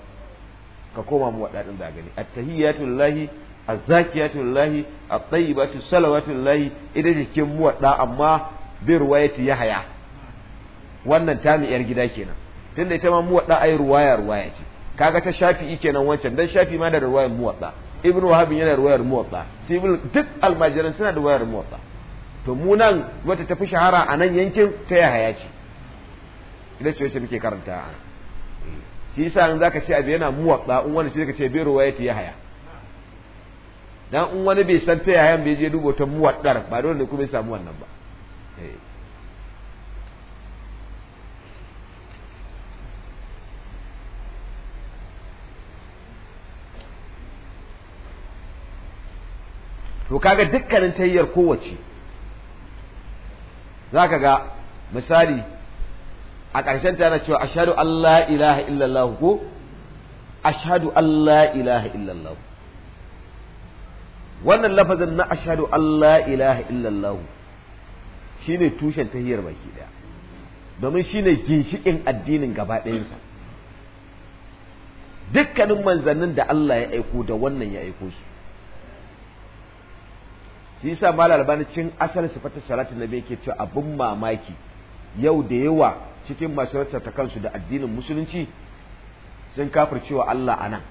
ka koma mu waɗaɗin da gani at-tahiyatu lillahi az-zakiyatu lillahi at-tayyibatu salawatu lillahi idan jikin mu waɗa amma bi ruwayati yahaya wannan tamiyar gida kenan tunda ita ma muwadda ai ruwaya ruwaya ce kaga ta shafi'i kenan wancan dan shafi ma da ruwayar muwadda ibn wahab yana ruwayar muwadda sibul duk almajiran suna da ruwayar muwadda to mu nan wata tafi shahara a nan yankin ta ya haya ce ita ce wacce muke karanta a shi yasa in zaka ce abi yana muwadda in wani ce zaka ce ta ya haya dan in wani bai san ta ya haya bai je dubo ta muwaddar ba dole ne kuma ya samu wannan ba eh. to kaga dukkanin tayyar kowace zaka ga misali a ƙarshen ta yana cewa ashhadu an ilaha illallah ko ashhadu an ilaha illallah wannan lafazin na ashadu an la ilaha illallah shine tushen tahiyyar baki daya domin shine ginshikin addinin gaba ɗayansa dukkanin manzannin da Allah ya aiko da wannan ya aiko su shi yasa malal albani cin fata sifatar na nabi ke cewa abin mamaki yau da yawa cikin masu ta kansu da addinin musulunci sun cewa Allah anan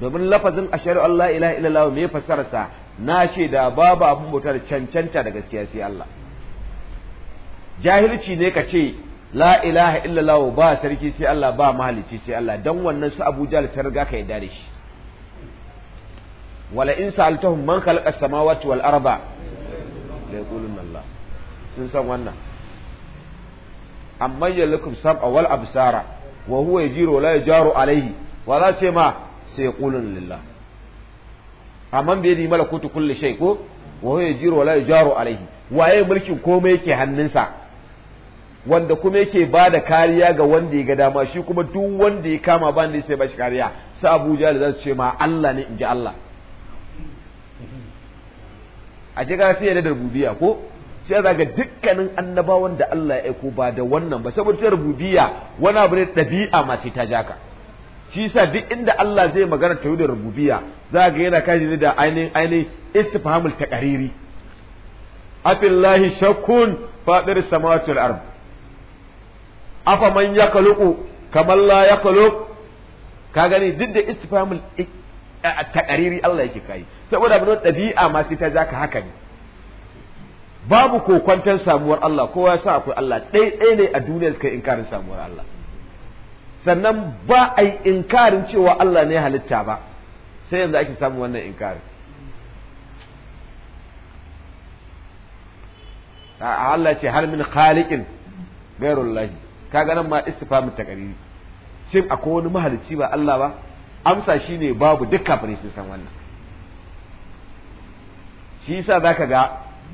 domin lafazin ashhadu Allah la ilaha illallah me fasararsa na shaida babu abin bauta da cancanta da gaskiya sai Allah jahilci ne ka ce la ilaha illallah ba sarki sai Allah ba mahalici sai Allah dan wannan su Abu Jahl ta riga ka yarda da shi wala in sa'altahum man khalaqa samawati wal arda la yaquluna Allah sun san wannan amma yalakum sab'a wal absara wa huwa yajiru la yajaru alayhi wa za ce ma sai yaqulun lillah amma bai yi malakutu kulli shay ko wa huwa yajiru la yajaru alayhi waye mulkin komai yake hannunsa wanda kuma yake ba da kariya ga wanda ya ga dama shi kuma duk wanda ya kama ba ne sai ba shi kariya sa Abuja da za su ce ma Allah ne in ji Allah a ce ga sai da rububiya ko sai za ga dukkanin annabawan da Allah ya aiko ba da wannan ba saboda ta rububiya wani abu ne ɗabi'a ma sai ta jaka shi yasa duk inda Allah zai magana ta da rububiya za ga yana kaji ne da ainihin ainihin istifhamul taqariri afillahi shakkun fadir samawati wal ard afa man yakhluqu kaman la yakhluq ka gani duk da istifhamul takariri Allah yake kai saboda abin ɗabi'a ma sai ta ja ka haka ne babu kokwantar samuwar Allah kowa ya sa akwai Allah ɗai ɗai ne a duniya suka inkarin samuwar Allah sannan ba a yi inkarin cewa Allah ne halitta ba sai yanzu ake samu wannan inkarin Allah ce har min khaliqin gairullahi kaga nan ma istifhamu takariri shin akwai wani mahalicci ba Allah ba amsa shine babu duk kafirai sun san wannan shi yasa ka ga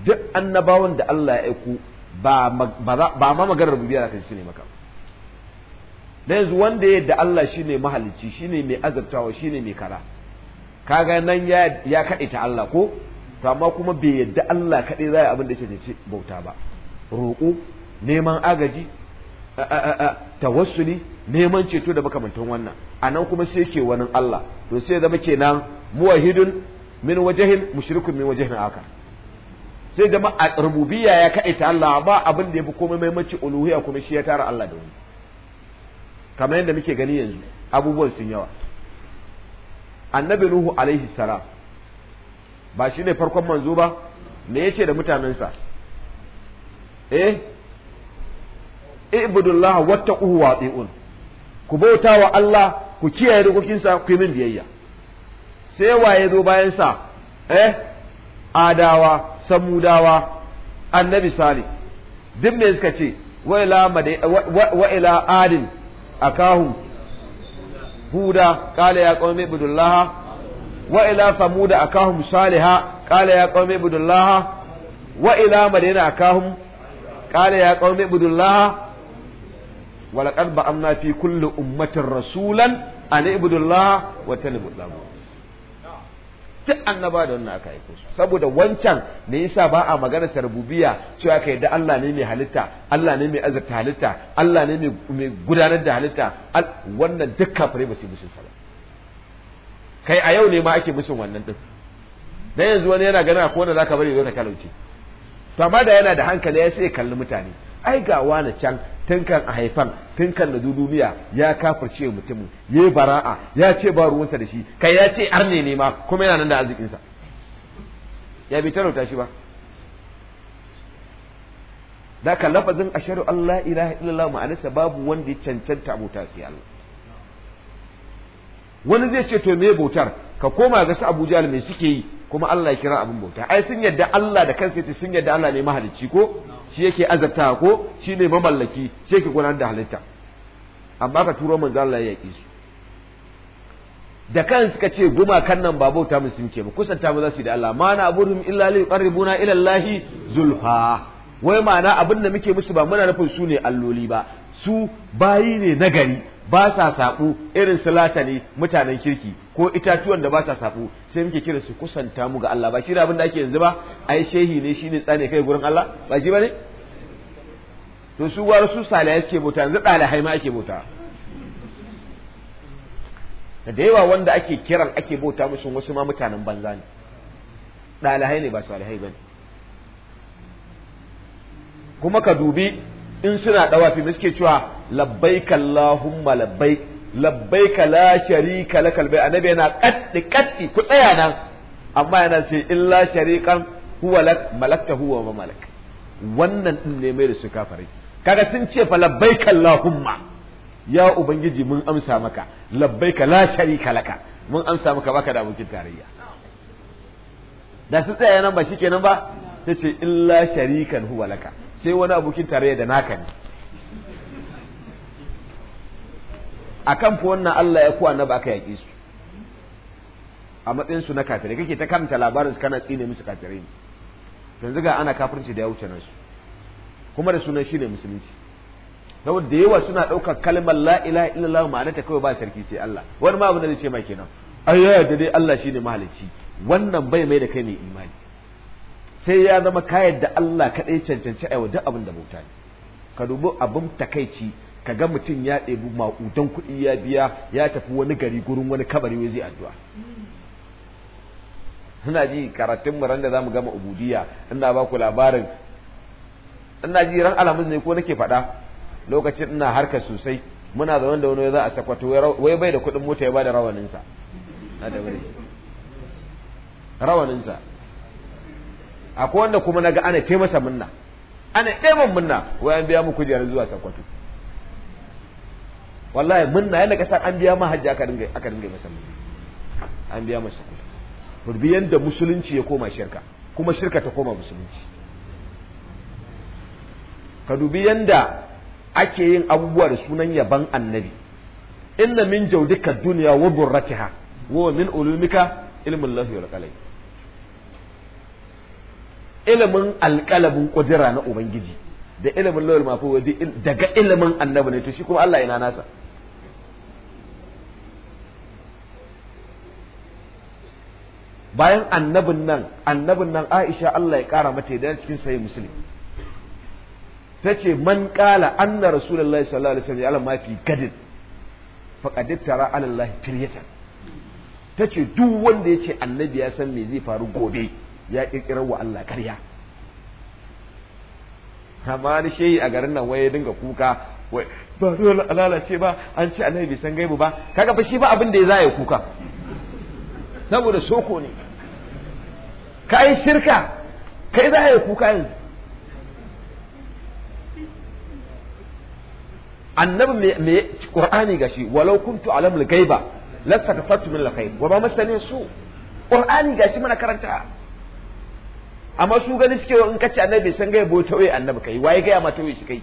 duk annabawan da Allah ya aiko ba ba ma maganar rububiyya zaka shi ne maka da yanzu wanda ya yadda Allah shine mahalicci shine mai azabtawa shine mai kara kaga nan ya ya ta Allah ko to amma kuma bai yadda Allah kadai zai abin da yake bauta ba roƙo neman agaji tawassuli neman ceto da makamantan wannan anan kuma sai ke wani Allah to sai zama kenan muwahidun min wajahin mushrikun min wajahin akar sai zama a rububiyya ya ta Allah ba abin da yafi komai maimaci uluhiyya kuma shi ya tara Allah da wani kamar yadda muke gani yanzu abubuwan sun yawa annabi nuhu alaihi salam ba shi ne farkon manzo ba me yace da mutanensa eh ibudullah wattaquhu wa ati'un ku bauta wa Allah ku kiyaye dokokinsa ku yi min biyayya sai waye zo bayan sa eh adawa samudawa annabi sali duk me suka ce wa ila wa ila adin akahum huda qala ya qawmi ibudullah wa ila samuda akahum salihah qala ya qawmi ibudullah wa ila madina akahum qala ya qawmi ibudullah walaqad ba'amna fi kulli ummatin rasulan an ibudullah wa tanibul duk annaba da wannan aka aiko su saboda wancan ne yasa ba a magana tarbubiya cewa kai da Allah ne mai halitta Allah ne mai azurta halitta Allah ne mai gudanar da halitta wannan duk kafirai ba su musu sala kai a yau ne ma ake musu wannan din dan yanzu wani yana gana ko wanda zaka bari zo ka talauce to amma da yana da hankali ya kalli mutane ai ga wani can tun kan a haifan tun kan da duniya ya kafirce mutumin ya bara'a ya ce ba ruwansa da shi kai ya ce arne ne ma kuma yana nan da arzikinsa ya bi ta rauta shi ba da ka lafazin asharu Allah ilaha illallah ma'anarsa babu wanda ya cancanta abota sai Allah wani zai ce to me bautar ka koma ga su Abuja mai suke yi kuma Allah ya kira abin bauta ai sun yadda Allah da kansa yace sun yadda Allah ne mahalicci ko shi yake azabta ko shi ne mamallaki shi yake gudanar da halitta amma ka turo manzo Allah ya yaki su da kan suka ce kan nan ba bauta mu sun ke ba kusanta mu za su da Allah ma na illa li qarribuna ila Allah zulfa wai mana abin da muke musu ba muna nufin su ne alloli ba su bayi ne nagari ba sa saƙo irin salata ne mutanen kirki ko itatuwan da ba ta safu sai muke kira su kusanta mu ga Allah ba shi da abin da ake yanzu ba ai shehi ne shine tsane kai gurin Allah ba shi bane to su war su salaya suke bauta yanzu dalihai ma ake bauta da yawa wanda ake kiran ake bauta musu wasu ma mutanen banza ne dalihai ne ba salihai bane kuma ka dubi in suna dawafi suke cewa labbaik Allahumma labbaik labbaika la sharika lakal bai annabi yana kaddi kaddi ku tsaya nan amma yana ce illa sharikan huwa lak malakta huwa ma malak wannan din ne mai da su kafare kaga sun ce fa labbaika allahumma ya ubangiji mun amsa maka labbaika la sharika laka mun amsa maka baka da abokin tarayya da su tsaya nan ba shikenan ba sai ce illa sharikan huwa laka sai wani abokin tarayya da naka ne akan fa wannan Allah ya kuwa na ba ka yaƙi su a matsayin na kafirai kake ta karanta labarin kana tsine musu kafirai yanzu ga ana kafirci da ya wuce su. kuma da sunan shine musulunci saboda da yawa suna ɗaukar kalmar la ilaha illallah ma'ana ta kawai ba sarki sai Allah wani ma abu da ce ma kenan ayya da yarda dai Allah shine mahalicci wannan bai mai da kai ne imani sai ya zama ka da Allah kaɗai cancanci a yau duk abin da bauta ne ka dubi abin takaici ka ga mutum ya ɗebi ma'udan kuɗi ya biya ya tafi wani gari gurin wani kabari wai zai addu'a ina ji karatun mu ran da zamu gama ubudiya ina ba ku labarin ina ji ran alamun ne ko nake faɗa lokacin ina harka sosai muna zaune da wani za a sakwato wai bai da kuɗin mota ya da rawaninsa rawaninsa akwai wanda kuma naga ana taimasa munna ana ɗaiman munna wai an biya mu jiyar zuwa sakwato wallahi na yana kasar an biya ma hajji aka dinga aka dinga masa an biya masa kuɗi burbi yanda musulunci ya koma shirka kuma shirka ta koma musulunci ka dubi yanda ake yin abubuwa da sunan yaban annabi inna min jawdika dunya wa burratiha wa min ulumika ilmin lahi wal qalam ilimin alƙalamin ƙudura na ubangiji da ilimin lawal mafi daga ilimin annabi ne to shi kuma Allah ina nasa bayan annabin nan annabin nan Aisha Allah ya kara mata da cikin sai Muslim tace man kala anna rasulullahi sallallahu alaihi wasallam ya'lam ma fi gadin faqad tara ala Allah tiryatan tace duk wanda yace annabi ya san me zai faru gobe ya kirkirar wa Allah ƙarya amma ni shehi a garin nan waye dinga kuka wai ba dole lalace ba an ce annabi bai san gaibu ba kaga fa shi ba abin da ya zai kuka saboda soko ne ka yi shirka kai za a yi kuka yanzu annabi me ga shi walau kuntu alamul gaiba lastaghfartu min alkhair wa ba masane su ga shi mana karanta amma su gani suke in kace annabi san gaiba ko ta'uye annabi kai waye gaya ma ta'uye shi kai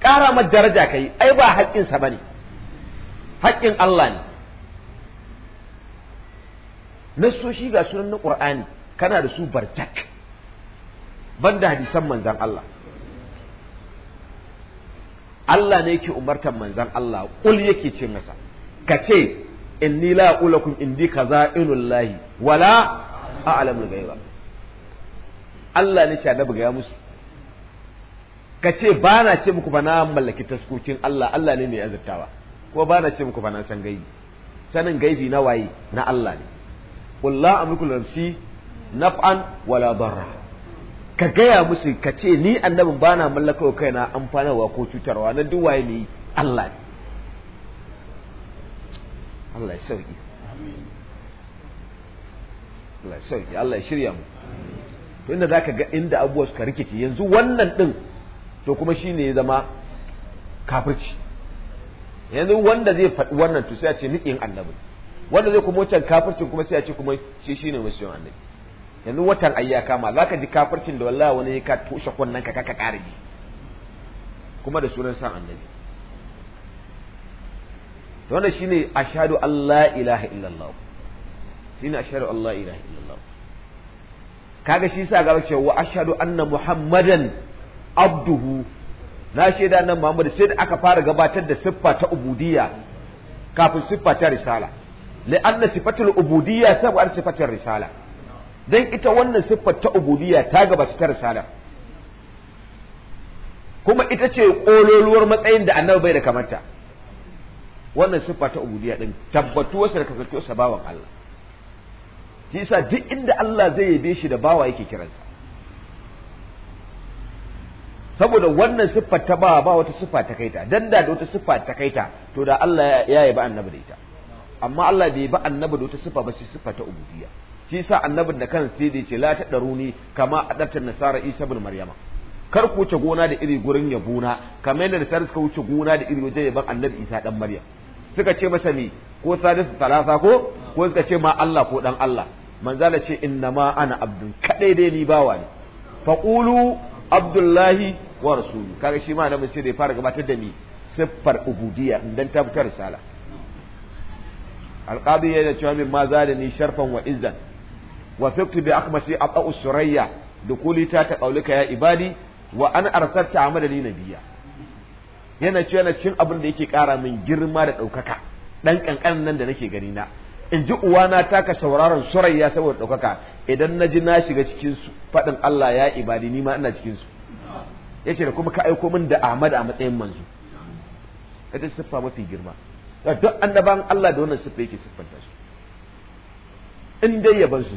Ƙara ma daraja kai ai ba haƙƙin sa ne, haƙƙin Allah ne nasoshi ga sunan na qur'ani kana da su barjak banda hadisan manzan Allah Allah ne yake umartan manzan Allah ƙul yake ce masa ka ce inni la ulakum indi kazainullahi wala a'lamul ghaiba Allah ne shi daga ya musu ka ce ba na ce muku ba na mallaki taskokin Allah Allah ne mai azurtawa ko ba na ce muku ba na san gaibi sanin gaibi na waye na Allah ne qul la amliku lansi. naf'an wala barra ka gaya musu ka ce ni annabin ba na mallaka wa kaina amfanarwa ko cutarwa na duk waye ne Allah ne Allah ya sauki Allah ya sauki Allah ya shirya mu to inda zaka ga inda abubuwa suka rikice yanzu wannan din to kuma shine ya zama kafirci yanzu wanda zai faɗi wannan to sai a ce niƙin annabi wanda zai kuma wancan kafircin kuma sai a ce kuma shi shine musulmin annabi yanzu watan ayi ya kama ka ji kafircin da wallahi wani ka toshe kunnen ka kaka ƙara ji kuma da sunan san annabi to wannan shine ashhadu Allah ilaha illallah shine ashhadu Allah ilaha illallah kaga shi sa gaba cewa wa ashhadu anna muhammadan abduhu na shaida nan Muhammad sai da aka fara gabatar da siffa ta ubudiyya kafin siffa ta risala la'anna sifatul ubudiyya sabu an sifatul risala dan ita wannan siffar ta ubudiyya ta gaba ta risala kuma ita ce kololuwar matsayin da annabi bai da kamata wannan siffa ta ubudiyya din tabbatuwarsa da kasantuwarsa bawan Allah shi yasa duk inda Allah zai yabe shi da bawa yake kiransa saboda wannan siffa ta bawa ba wata siffa ta kaita dan da wata siffa ta kaita to da Allah ya yaba annabi da ita amma Allah bai ba annabi da wata siffa ba sai siffa ta ubudiyya shi sa annabin da kan sai da ce la ta daruni kama adatar nasara isa bin maryama kar ku wuce gona da iri gurin yabona kamar yadda nasara suka wuce gona da iri wajen yaban annabi isa dan maryam suka ce masa ni ko salisu talasa ko ko suka ce ma Allah ko dan Allah manzala ce inna ma ana abdun kadai dai ni bawa ne qulu abdullahi wa rasulu kaga shi ma annabi sai da ya fara gabatar da ni siffar ubudiyya dan tabbatar risala alqabi yana cewa min ma zalani sharfan wa izzan wa faktu bi akhmasi ata'u surayya dukuli ta ta qaulika ya ibadi wa an arsalta amadali nabiyya yana biya. yana cin abin da yake kara min girma da ɗaukaka ɗan ƙanƙan nan da nake gani na in ji na taka sauraron surayya saboda ɗaukaka idan na ji na shiga cikin su faɗin Allah ya ibadi ni ma ina cikin su yace da kuma ka aiko min da Ahmad a matsayin manzo ita siffa mafi girma duk annaban Allah da wannan siffa yake siffanta su in dai yaban su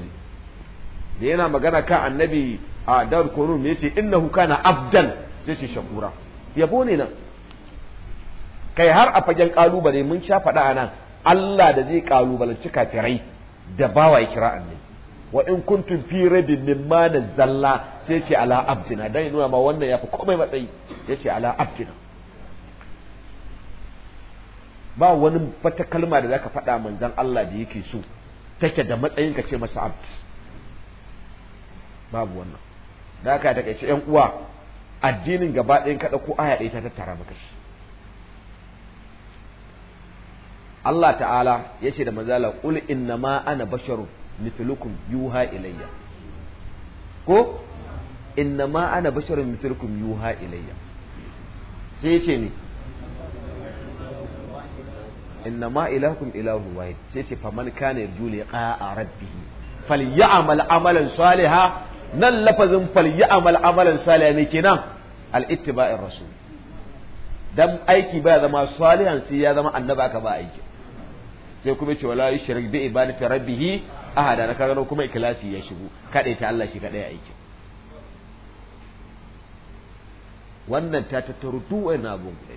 da yana magana ka annabi a dar kunu me yace innahu kana abdan sai ce shakura yabo ne nan kai har a fagen kalubale mun sha faɗa anan Allah da zai kalubalanci kafirai da bawa ya kira annabi wa in kuntum fi rabin mimma nazzalla sai ce ala abdina dan nuna ma wannan yafi komai matsayi yace ala abdina ba wani wata kalma da zaka faɗa manzon Allah da yake so take da matsayin ka ce masa abdi babu wannan da aka yi takaice yan uwa addinin gaba ɗayan kaɗa ko aya ɗaya ta tattara maka shi Allah ta'ala ya ce da manzala qul ma ana basharun mithlukum yuha ilayya ko ma ana basharun mithlukum yuha ilayya sai ya ce ni ma ilahukum ilahu wahid sai ce faman kana yarju qa'a rabbih falyamal amalan salihan nan lafazin fal amala amalan salih ne kenan al ittiba'ir rasul dan aiki baya zama salihan sai ya zama annaba ka ba aiki sai kuma ce wala yushrik bi ibadati rabbih ahada na kaga kuma ikhlasi ya shigo Kaɗai ta Allah shi kadai aiki wannan ta tattaru duwai na guda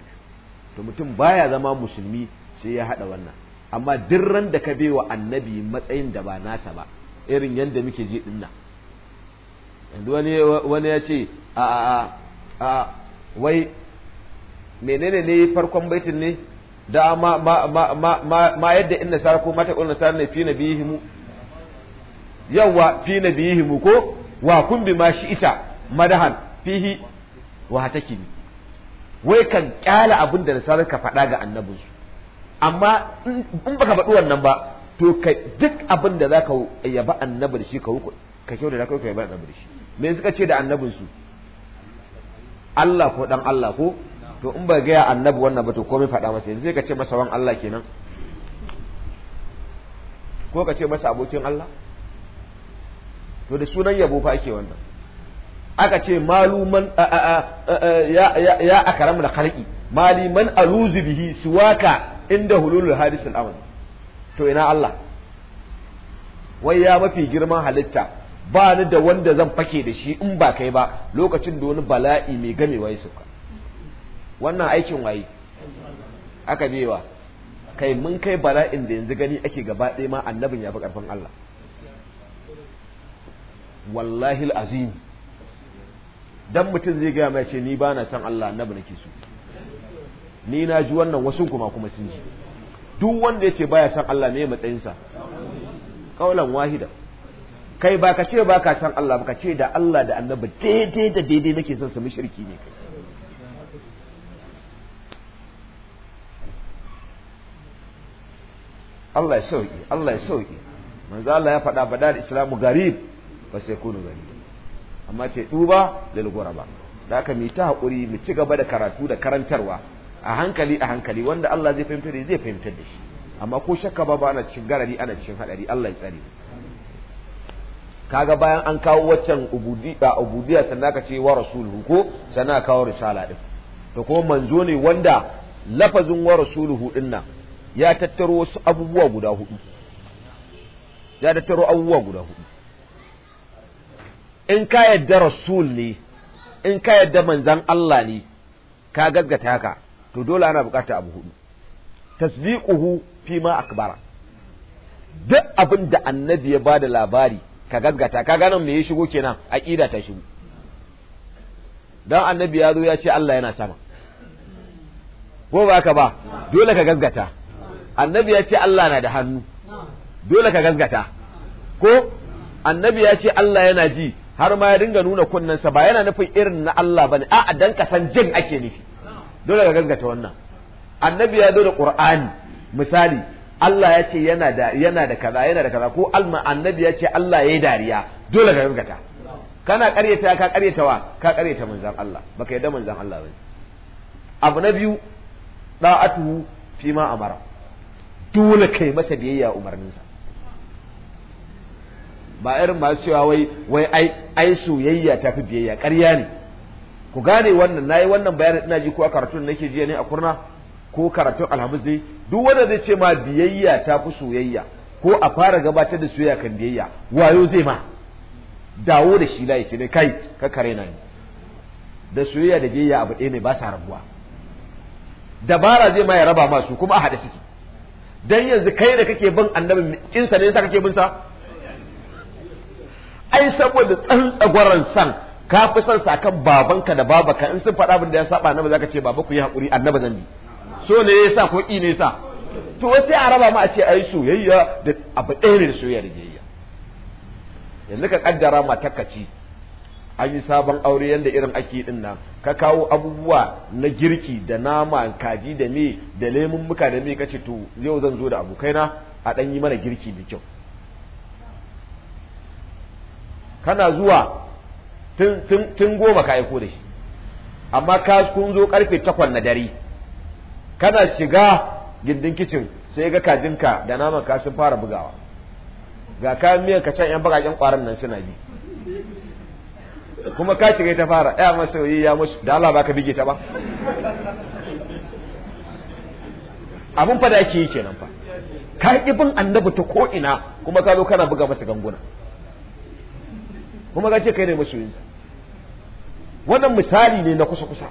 to mutum baya zama musulmi sai ya haɗa wannan amma duk da ka bewa annabi matsayin da ba nasa ba irin yadda muke ji dinnan wani ya ce a a a wai menene ne farkon baitin ne da ma ma ma ma yadda in sara ko mata ƙulun nasara ne fi na biyihimu yawa fi na biyihimu ko wa kun bi ma shi ita madahan fihi wa take ni wai kan kyala abin da nasara ka faɗa ga su amma in baka faɗi wannan ba to ka duk abin da zaka yaba annabi da shi ka ka kyau da ka yaba annabi da shi me suka ce da annabinsu Allah ko dan Allah ko to in ba gaya annabi wannan ba to komai faɗa masa yanzu sai ka ce masa wan Allah kenan ko ka ce masa abokin Allah to da sunan yabo fa ake wannan aka ce maluman ya akaramu da khalqi maliman aluzu bihi suwaka inda hululul hadisul amal to ina Allah wai ya mafi girman halitta ba ni da wanda zan fake da shi in ba kai ba lokacin da wani bala'i mai game ya sauka wannan aikin waye aka biyewa kai mun kai bala'in da yanzu gani ake gaba ɗaya ma annabin ya fi ƙarfin Allah wallahi azim dan mutum zai gaya mai ce ni ba na san Allah annabi nake so ni na ji wannan wasu kuma kuma sun ji duk wanda ya ce baya san Allah ne matsayinsa kaulan wahida kai ba ka ce ba ka san Allah ba ka ce da Allah da annabi daidai da daidai nake son su mushriki ne kai Allah ya sauki Allah ya sauki manzo Allah ya faɗa bada da islamu garib ba sai kunu garib amma ce duba lil ba. da aka mi ta hakuri mu ci gaba da karatu da karantarwa a hankali a hankali wanda Allah zai fahimtar da zai fahimtar da shi amma ko shakka ba ba ana cin garari ana cin hadari Allah ya tsare mu kaga bayan an kawo waccan ubudiya sannan ka ce wa rasuluhu ko sannan kawo risala din to kuma manzo ne wanda lafazin wa rasuluhu din nan ya tattaro wasu abubuwa guda hudu ya tattaro abubuwa guda hudu in ka yadda rasul ne in ka yadda manzan Allah ne ka gaggata haka to dole ana bukata abu hudu tasdiquhu fi ma akbara duk abin da annabi ya bada labari ka gaggata ka ganin me ya shigo kenan aqida ta shigo dan annabi ya zo ya ce Allah yana sama ko ba ka ba dole ka gaggata annabi ya ce Allah na da hannu dole ka gaggata ko annabi ya ce Allah yana ji har ma ya dinga nuna kunnensa ba yana nufin irin na Allah bane a'a dan ka san jin ake nufi dole ka gaggata wannan annabi ya zo da qur'ani misali Allah ya ce yana da kaza yana da kaza ko alma annabi ya ce Allah ya yi dariya dole ka gaskata kana karyata ka karyata wa ka karyata manzan Allah baka yarda manzan Allah ba abu na biyu da'atuhu fi ma amara dole kai masa biyayya umarninsa ba irin masu cewa wai wai ai ai soyayya fi biyayya ƙarya ne ku gane wannan nayi wannan bayanin ina ji ko a karatun nake jiya ne a kurna ko karatun alhamis dai duk wanda zai ce ma biyayya ta fi soyayya ko a fara gabatar da soyayya kan biyayya wayo zai ma dawo da shi layi ne kai ka kare na ni da soyayya da biyayya abu ɗaya ne ba sa rabuwa dabara zai ma ya raba masu kuma a haɗa suke dan yanzu kai da kake bin annabi insa ne yasa kake bin sa ai saboda tsantsagwaran san ka fi son sa kan babanka da babaka in sun faɗa abin da ya saba annabi zaka ce baba ku yi haƙuri annabi zan bi so ne yasa ko ƙi ne yasa to wasu a raba ma a ce ai soyayya da abu ɗaya ne da soyayya da biyayya yanzu ka kaddara matakaci an yi sabon aure yadda irin ake din nan ka kawo abubuwa na girki da nama kaji da me da lemun muka da me kace to yau zan zo da abokaina a ɗan yi mana girki mai kyau kana zuwa tun goma ka aiko da shi amma ka kun zo karfe takwas na dare kana shiga gindin kicin sai ga kajinka da naman ka sun fara bugawa ga kayan miyan ka can yan bakaken kwaran nan suna bi kuma ka shiga ta fara ya masa yi ya musu da Allah baka bige ta ba abun fa da ake yi kenan fa ka ibin annabi ta ko ina kuma ka zo kana buga masa ganguna kuma ka ce kai ne masoyinsa wannan misali ne na kusa kusa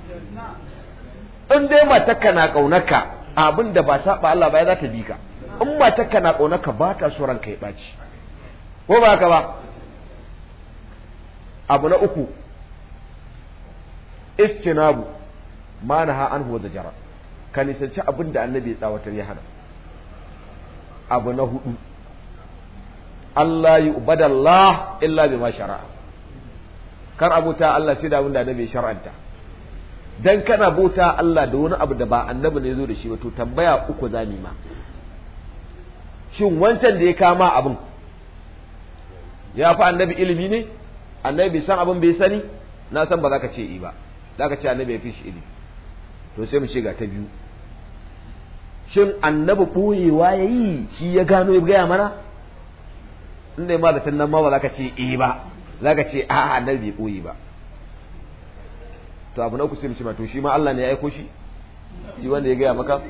in dai matarka na kaunaka abin da ba saba Allah ba ya za ta bi ka in matarka na kaunaka ba ta so ranka ya ɓaci ko ba haka ba abu na uku istinabu ma naha anhu wa jara ka nisanci abin da annabi ya tsawatar ya hana abu na hudu Allah yi ubadallah illa ma shara'a kar abuta Allah sai da abin da annabi ya shar'anta dan kana bauta Allah da wani abu da ba annabi ne zo da shi ba to tambaya uku za ma shin wancan da ya kama abin ya fi annabi ilimi ne annabi bai san abin bai sani na san ba za ka ce i ba za ka ce annabi ya fi shi ilimi to sai mu shiga ta biyu shin annabi ɓoyewa ya yi shi ya gano ya gaya mana inda ma da nan ma ba za ka ce i ba za ka ce a'a annabi bai ɓoye ba to abu na uku sai mu ma to shi ma Allah ne ya aiko shi shi wanda ya gaya maka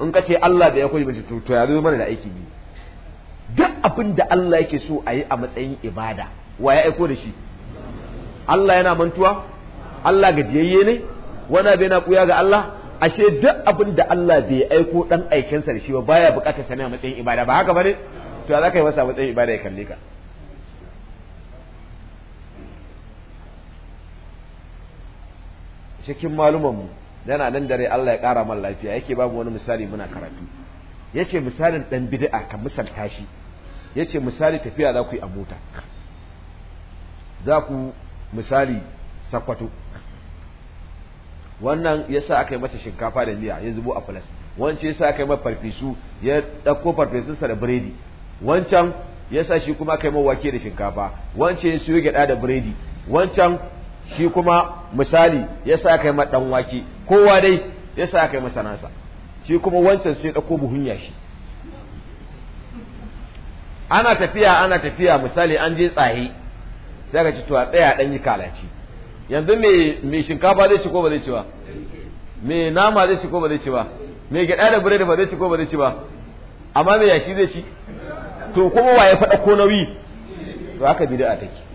in ka ce Allah da ya shi mace to ya zo mana da aiki biyu duk abin da Allah yake so a yi a matsayin ibada wa ya aiko da shi Allah yana mantuwa Allah gajiyayye ne wani bai na kuya ga Allah ashe duk abin da Allah bai aiko dan aikensa da shi ba baya bukatar sani a matsayin ibada ba haka bane to ya za ka yi masa matsayin ibada ya kalle ka cikin malumanmu yana nan dare Allah ya ƙara man lafiya yake babu wani misali muna karatu yace misalin dan bid'a ka misalta shi yace misali tafiya za ku yi a mota za ku misali sakwato wannan yasa aka yi masa shinkafa da miya ya zubo a filas wance yasa aka yi masa farfesu ya ɗauko farfesunsa da biredi wancan yasa shi kuma aka yi masa wake da shinkafa wancan ya siyo gyaɗa da biredi wancan shi kuma misali ya sa kai ma dan wake kowa dai ya sa kai masa nasa shi kuma wancan sai ɗauko buhun yashi ana tafiya ana tafiya misali an je tsaye sai ka ci to a tsaya dan yi kalaci yanzu me me shinkafa zai ci ko ba zai ci ba me nama zai ci ko ba zai ci ba me gida da biredi ba zai ci ko ba zai ci ba amma me yashi zai ci to kuma waye faɗa ko nauyi to haka bid'a take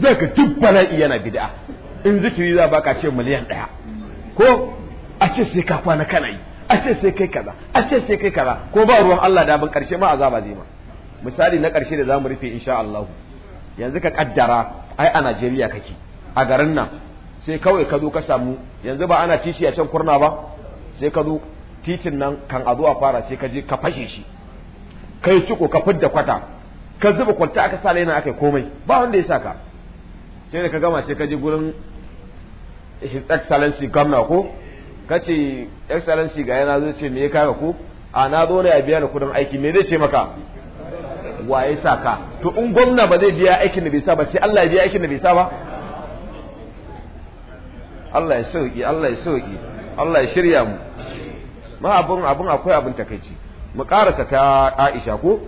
zai ka duk bala'i yana bid'a in zikiri za baka ce miliyan ɗaya ko a ce sai ka kwana kana yi a ce sai kai kaza a ce sai kai kaza ko ba ruwan Allah da ban karshe ma azaba zai ma misali na karshe da zamu rufe insha Allah yanzu ka kaddara ai a Najeriya kake a garin nan sai kawai ka zo ka samu yanzu ba ana tishi a can kurna ba sai ka zo titin nan kan a zo a fara sai ka je ka fashe shi kai ciko ka fidda kwata ka zuba kwanta aka sa laina aka komai ba wanda ya saka sai da ka gama sai ka ji gurin his excellency gamna ko ka ce excellency ga yana zai ce me ya kaga ko a na zo ne a biya ni kudin aiki me zai ce maka waye sa ka to in gwamna ba zai biya aikin da bai sa ba sai Allah ya biya aikin da bai sa ba Allah ya sauki Allah ya sauki Allah ya shirya mu ma abun abun akwai abun takaici mu karasa ta Aisha ko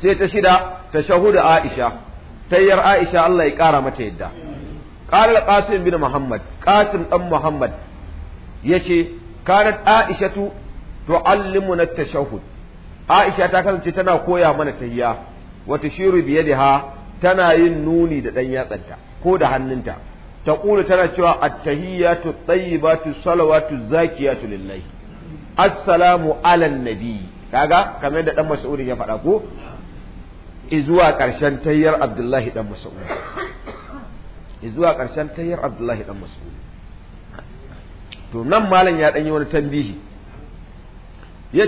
sai ta shida ta shahuda Aisha tayyar Aisha Allah ya ƙara mata yadda qala qasim bin muhammad qasim ɗan muhammad yace kanat aishatu tuallimuna na tashahhud aisha ta kasance tana koya mana tahiya, wa tashiru bi yadiha tana yin nuni da ɗan yatsanta ko da hannunta ta kula tana cewa at-tahiyyatu tayyibatu salawatu zakiyatu lillahi assalamu ala nabi kaga kamar da dan mas'udin ya faɗa ko izuwa ƙarshen tayyar Abdullahi ɗan musulmi izuwa ƙarshen tayyar Abdullahi ɗan musulmi to nan malam ya ɗanyi yi wani tambihi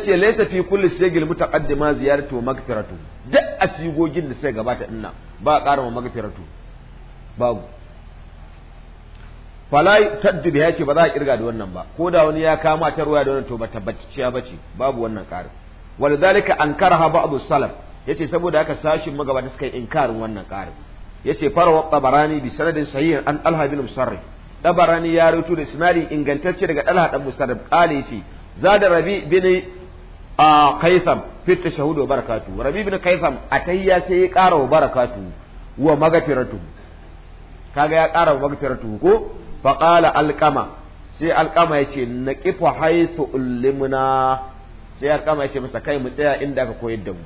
ce laisa fi kulli sigil mutaqaddima ziyaratu magfiratu duk a sigogin da sai gabata ina. ba a ƙara ma magfiratu babu fala taddu biya ce ba za a kirga da wannan ba ko da wani ya kama ta ruwa da wannan to ba ba ce babu wannan ƙarin walidhalika ankaraha abu salaf yace saboda haka sashin magabata suka yi inkarin wannan ƙarin yace farawa tabarani bi sanadin sahihin an alha bin musarri tabarani ya rutu da sinari ingantacce daga alha dan musarri qali yace zada rabi bin qaisam fi tashahhud wa barakatu rabi bin qaisam atayya sai ya ƙara wa barakatu wa magfiratu kaga ya ƙara wa magfiratu ko fa qala alqama sai alqama yace naqifu haythu ulimna sai alqama yace masa kai mu tsaya inda ka koyar da mu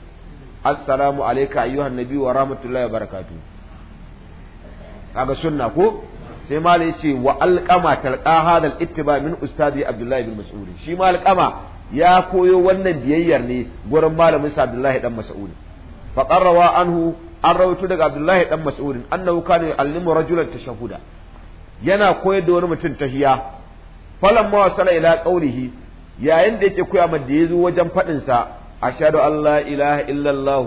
assalamu alayka ayyuhan nabi wa rahmatullahi wa barakatuh kaga sunna ko sai malai ce wa alqama talqa hadha al-ittiba min ustadi abdullahi bin mas'ud shi ma ya koyo wannan biyayyar ne gurin malamin sa abdullahi dan mas'ud fa qarrawa anhu an rawaito daga abdullahi dan mas'ud annahu kana yu'allimu rajulan tashahhuda yana koyar da wani mutum tahiya Falon wasala ila qawlihi yayin da yake koya ma da yazo wajen fadin sa ashhadu an la ilaha illallah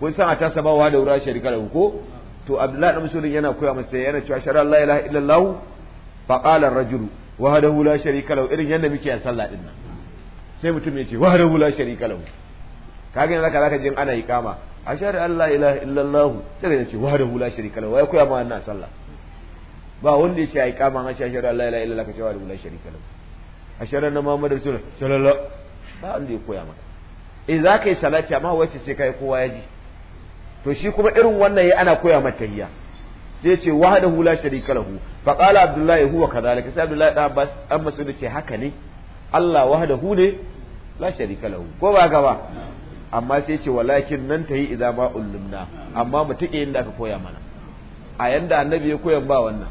kun san a ta samawa da wura sharika da ko to abdullahi dan musulun yana koya masa yana cewa ashhadu an la ilaha illallah fa qala ar-rajulu wahdahu la sharika lahu irin yanda muke a sallah din nan sai mutum ya ce wahdahu la sharika lahu kaga yanzu zaka jin ana iqama ashhadu an la ilaha illallah sai ya ce wahdahu la sharika lahu wai koya ma wannan sallah ba wanda ya ce ai kama an ashhadu an Allah ilaha illallah ka ce wahdahu la sharika lahu ashhadu anna muhammadar rasulullah sallallahu ba wanda ya koya maka in eh, za ka yi salati amma wacce sai ka yi kowa ya ji to shi kuma irin wannan ya ana koya mata tahiyya sai ce wahdahu la sharika lahu fa qala abdullahi huwa kadhalika sai abdullahi da abbas an da ce haka ne Allah wahdahu ne la sharika lahu ko ba gaba amma sai ce walakin nan yi idza ma ullumna amma mu take inda aka koya mana a yanda annabi ya koyan ba wannan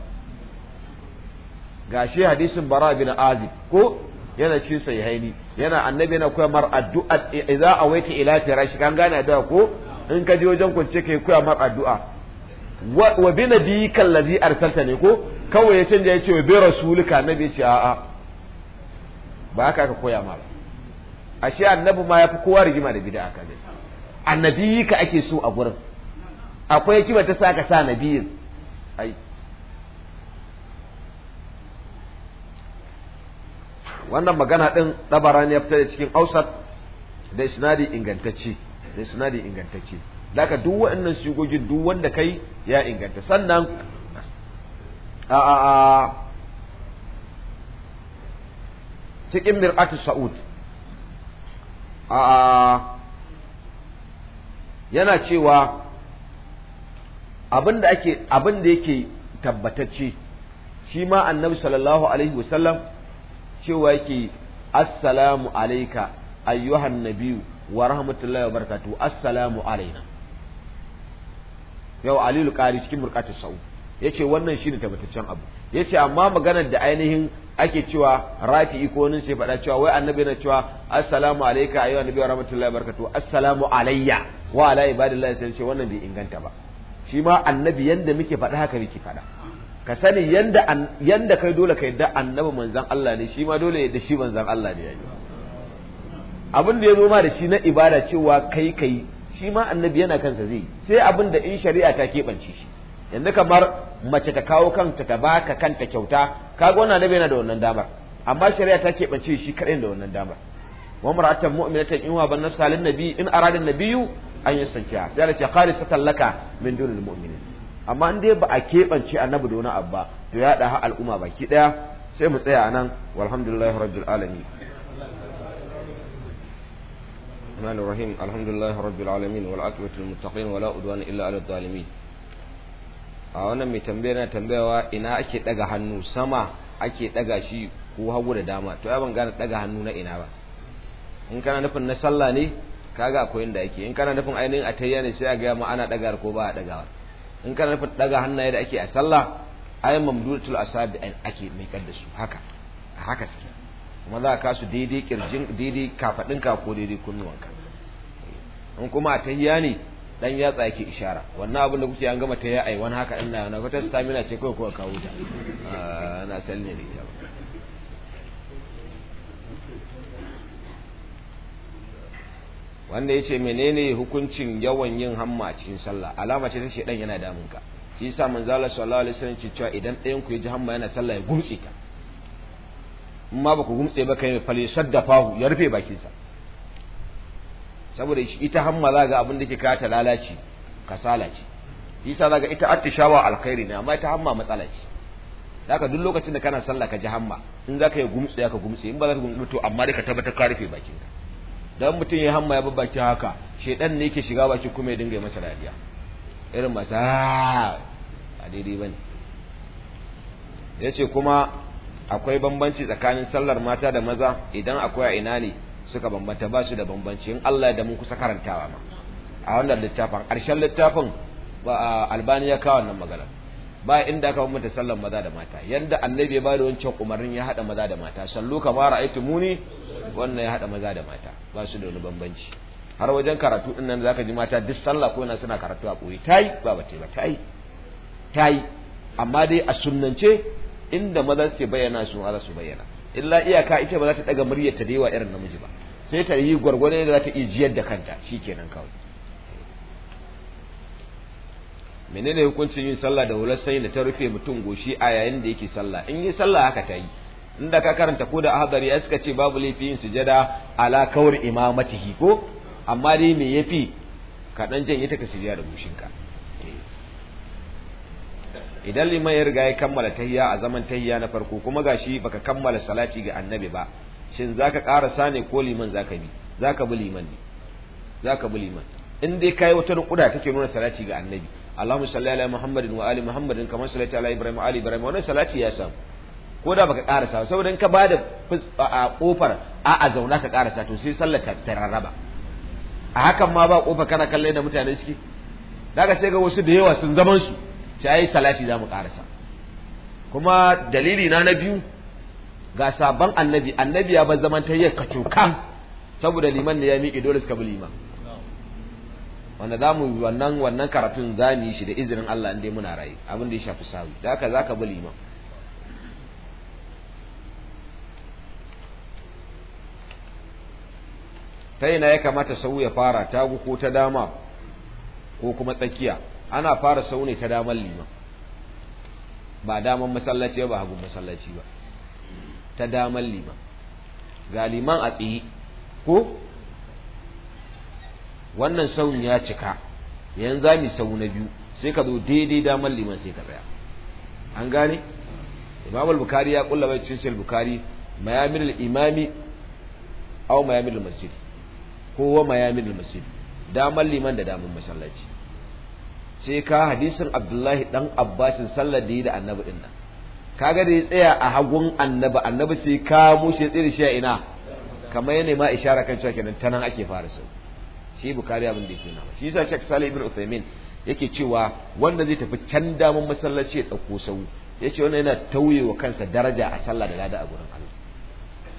Ga shi hadisin bara bin azib ko yana sai haini yana annabi yana koya mar addu'a idza awaita ila firashi kan gane addu'a ko in ka je wajen kwance kai koya mar addu'a wa bi nabiyika allazi arsalta ne ko kawai ya canja ce wa bi rasulika annabi ce a'a ba haka ka koya ma ba ashe annabi ma yafi kowa rigima da bid'a ka dai ka ake so a gurin akwai kima ta saka sa nabiyin ai wannan magana din ne ya fita da cikin ausat da isnadi ingantacce da isnadi ingantacce daga duk waɗannan shugogi duk wanda kai ya inganta sannan a a a cikin mir'atu sa'ud a a yana cewa abin da ake abin da yake tabbatacce shi ma annabi sallallahu alaihi wasallam cewa yake assalamu alayka ayyuhan nabiyyu wa rahmatullahi wa barakatuhu assalamu alaina yau alil qari cikin murqatu sa'u yace wannan shine tabbataccen abu yace amma maganar da ainihin ake cewa rafi'i ko wani sai faɗa cewa wai annabi na cewa assalamu alayka ayyuhan nabiyyu wa rahmatullahi wa barakatuhu assalamu alayya wa ala ibadillahi sai ce wannan bai inganta ba shi ma annabi yanda muke faɗa haka muke faɗa ka sani yanda yanda kai dole ka yadda annabi manzon Allah ne shi ma dole yadda shi manzon Allah ne yayi abin da ya zo ma da shi na ibada cewa kai kai shi ma annabi yana kansa zai sai abin da in shari'a ta keɓance shi yanzu kamar mace ta kawo kanta ta baka kanta kyauta kaga wannan annabi yana da wannan damar amma shari'a ta keɓance shi kaɗai da wannan damar wa mar'atan mu'minatan in wa ban salin nabi in aradin nabiyyu an yastankiha sai ta qalisatan laka min dunil mu'minin amma in dai ba a keɓance annabi da wani abu ba to ya ɗaha al'umma baki ɗaya sai mu tsaya a nan walhamdulillahi rabbil alamin الرحمن الرحيم الحمد لله رب العالمين والعاقبة للمتقين wala عدوان illa على الظالمين a wannan mai tambaya na tambayawa ina ake daga hannu sama ake daga shi ko hagu da dama to ya ban gane daga hannu na ina ba in kana nufin na sallah ne kaga akwai inda ake in kana nufin ainihin atayya ne sai a ga ma ana dagar ko ba a dagawa in kana nufin daga hannaye da ake a sallah ai mamdudatul asabi ake mai da su haka a haka suke kuma za ka su daidai kirjin daidai kafadin ka ko daidai kunnuwanka in kuma a tahiya ne dan yatsa yake ishara wannan abin da kuke an gama ta ai wani haka ina na kwata stamina ce kawai kuka kawo ta ana da ne ba. wanda ce menene hukuncin yawan yin hamma a cikin sallah alama ce ta dan yana damun ka shi yasa manzo Allah sallallahu alaihi wasallam cewa idan ɗayan ku ya ji hamma yana sallah ya gumtse ta in ma baka gumtse ba kai fali saddafahu ya rufe bakin sa saboda ita hamma za ga abin da ke kata lalaci kasala ce shi yasa za ita attishawa alkhairi ne amma ita hamma matsala ce zaka duk lokacin da kana sallah ka ji hamma in ka yi gumtse ka gumtse in ba za ka gumtse to amma dai ka tabbatar ka rufe bakin ka dan mutum ya hamma ya babbaki haka shedan ne yake shiga baki kuma ya dinga masa radiya irin masa ah! a daidai bane yace kuma akwai bambanci tsakanin sallar mata da maza idan akwai a ina ne suka bambanta ba su da bambanci in Allah ya da mun kusa karantawa ma a wannan littafin ƙarshen littafin albani ya kawo wannan maganar ba inda aka bambanta sallar maza da mata yanda annabi ya da wancan umarnin ya haɗa maza da mata sallu mara ra'aytu muni wannan ya hada maza da mata ba su da wani bambanci har wajen karatu din nan zaka ji mata duk sallah ko yana suna karatu a koyi yi ba ba ba Ta yi amma dai a sunnance inda maza suke bayyana su ma za su bayyana illa iyaka ita ba za ta daga muryar ta da yawa irin namiji ba sai ta yi gwargwado da za ta iya jiyar da kanta shi kenan kawai menene hukuncin yin sallah da hular sanyi da ta rufe mutum goshi a yayin da yake sallah in yi sallah haka ta yi inda ka karanta ko da ahadari ya suka ce babu laifi yin sujada ala kawar imamatihi ko amma dai me yafi ka dan jan ita ka sujada da ka. Eh. idan liman ya riga ya kammala tahiyya a zaman tahiyya na farko kuma gashi baka kammala salati ga annabi ba shin zaka karasa ne ko liman zaka bi zaka bi liman ne zaka bi liman in dai kai wata rukuda kake nuna salati ga annabi Allahumma salli ala Muhammadin wa ali Muhammadin kamar sallaita ala Ibrahim wa ali Ibrahim wannan salati ya samu ko da baka karasa saboda in ka bada a kofar a a zauna ka karasa to sai sallar ka rarraba a hakan ma ba kofa kana kalle da mutane suke daga sai ga wasu da yawa sun zaman su sai ai salati zamu karasa kuma dalili na na biyu ga sabon annabi annabi ya bar zaman tayyar ka saboda liman ne ya miƙe dole suka bi liman wanda za mu wannan wannan karatun za mu yi shi da izinin Allah inda muna rayu abin da ya shafi sawi da haka za ka bi liman ta ina ya kamata sau ya fara tagu ko ta dama ko kuma tsakiya ana fara sau ne ta damar liman ba damar masallaci ba hagun masallaci ba ta damar liman ga liman a tsaye ko wannan saun ya cika yanzu za mu sau na biyu sai ka zo daidai damar liman sai ka tsaya an gane imam al-bukhari ya kulla bai cikin al-bukhari Mayamil al-imami aw Mayamil al-masjid ko wa mayamin al-masjid damar liman da damar masallaci sai ka hadisin abdullahi dan abbasin sallar da yi da annabi din nan kaga da ya tsaya a hagun annabi annabi sai ka mushe tsiri shi a ina kamar yana ma ishara kan cewa kenan tanan ake fara sau shi bukari abin da yake na shi yasa Sheikh Salih ibn uthaymin yake cewa wanda zai tafi can damun masallaci ya dauko sau yace wannan yana tauye wa kansa daraja a sallah da lada a gurin Allah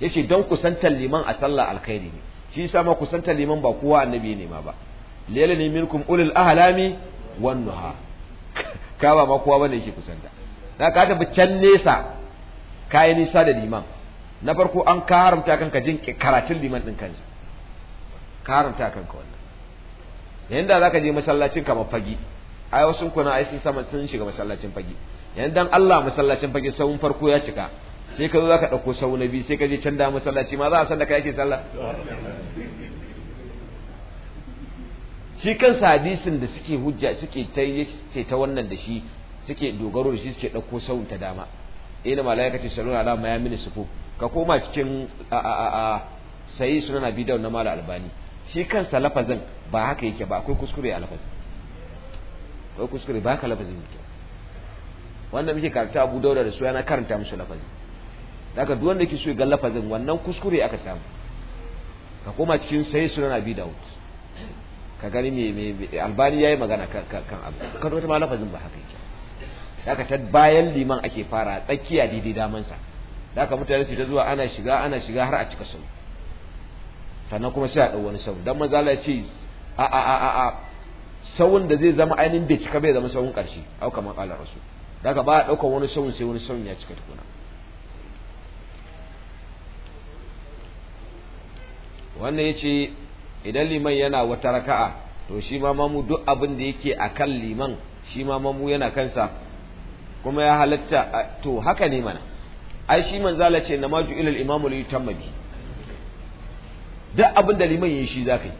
yace don kusantar liman a sallah alkhairi ne shi yasa ma kusantar liman ba kowa annabi ne ma ba lele ne minkum ulul ahlami wan nuha ka ba ma kowa bane yake kusanta da ka tafi can nesa kai nisa da liman na farko an karamta kanka jin karatun liman din kansa ka haramta kanka wannan yayin da zaka je masallacin kamar fagi ai wasu kuna ai sun sama sun shiga masallacin fagi yayin dan Allah masallacin fagi sahun farko ya cika sai ka zo zaka dauko sau na biyu sai ka je can da masallaci ma za a san da kai ake sallah shi kan hadisin da suke hujja suke ta yake ta wannan da shi suke dogaro da shi suke dauko sahun ta dama ina malaika sallallahu sallu ala ma ya mini sufu ka koma cikin a a a sai sunan abi daud na mala albani shi kansa lafazin ba haka yake ba akwai kuskure a lafazin akwai kuskure ba haka lafazin yake wannan muke karanta Abu Dawud da su yana karanta musu lafazin daga duk wanda yake so ga lafazin wannan kuskure aka samu ka koma cikin sai sunan Abi Dawud ka gani me me Albani yayi magana kan kan abu ka wata ma lafazin ba haka yake daga ta bayan liman ake fara tsakiya daidai damansa daga mutane su ta zuwa ana shiga ana shiga har a cika sunna sannan kuma sai a ɗau wani sau dan maza Allah ya ce a a a a sawun da zai zama ainihin bai cika bai zama sawun ƙarshe au kamar ƙalar rasu daga ba a ɗaukar wani sawun sai wani sawun ya cika tukuna wannan ya ce idan liman yana wata raka'a to shi ma mamu duk abin da yake a kan liman shi ma mamu yana kansa kuma ya halatta to haka ne mana ai shi manzala ce namaju ilal imamu li yutamma duk abin da liman yayi shi ka yi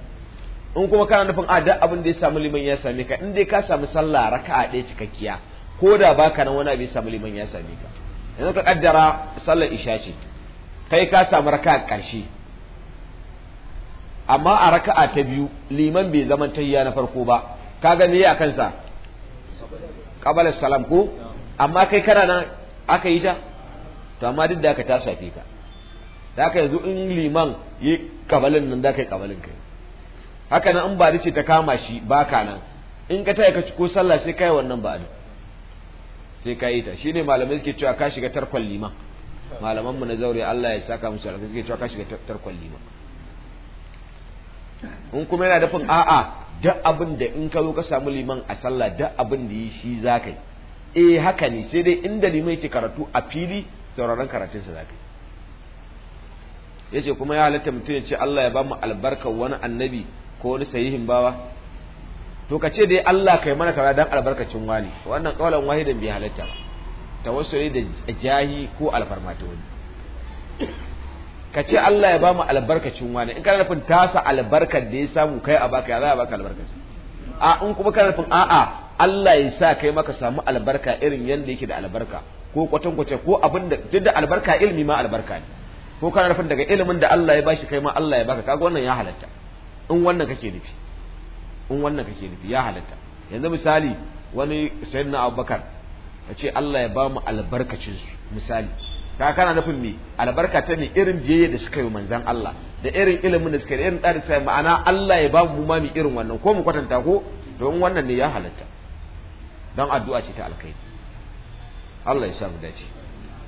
in kuma kana nufin a duk abin da ya samu liman ya same ka in dai ka samu sallah raka'a ɗaya cikakkiya ko da baka nan wani abin samu liman ya same ka in ka kaddara sallar isha ce kai ka samu raka'a ƙarshe amma a raka'a ta biyu liman bai zaman tayya na farko ba kaga me ya kansa qabala salam ko amma kai kana nan aka yi ta to amma duk da aka ta shafe ka da aka yanzu in liman yi kabalin nan da yi kabalin kai haka nan in ba ce ta kama shi baka nan in ka taya ka ci ko sallah sai kai wannan ba da sai yi ta Shi ne malamai suke cewa ka shiga tarkon liman malaman mu na zaure Allah ya saka musu alƙa suke cewa ka shiga tarkon liman in kuma yana dafin a'a duk abin da in ka zo ka samu liman a sallah duk abin da yi shi zakai eh haka ne sai dai inda liman yake karatu a fili sauraron karatunsa zakai yace kuma ya halatta mutum ya ce Allah ya ba mu albarkar wani annabi ko wani sahihin bawa to ka ce dai Allah kai mana kaza dan albarkacin wani wannan kawalan wahidan bai halatta ba tawassuli da jahi ko alfarma ta wani ka ce Allah ya ba mu albarkacin wani in kana nufin tasa albarkar da ya samu kai a baka ya za a baka ce a in kuma kana nufin a'a Allah ya sa kai maka samu albarka irin yanda yake da albarka ko kwatankwace ko abin da duk da albarka ilmi ma albarka ne ko kana nufin daga ilimin da Allah ya bashi kai ma Allah ya baka kaga wannan ya halatta in wannan kake nufi in wannan kake nufi ya halatta yanzu misali wani sayyidina Abubakar ya ce Allah ya ba mu albarkacin su misali ka kana nufin me albarka ta ne irin biyayya da suka yi manzan Allah da irin ilimin da suka yi irin tsari sai ma'ana Allah ya ba mu mu irin wannan ko mu kwatanta ko in wannan ne ya halatta Dan addu'a ce ta alkai Allah ya sa mu dace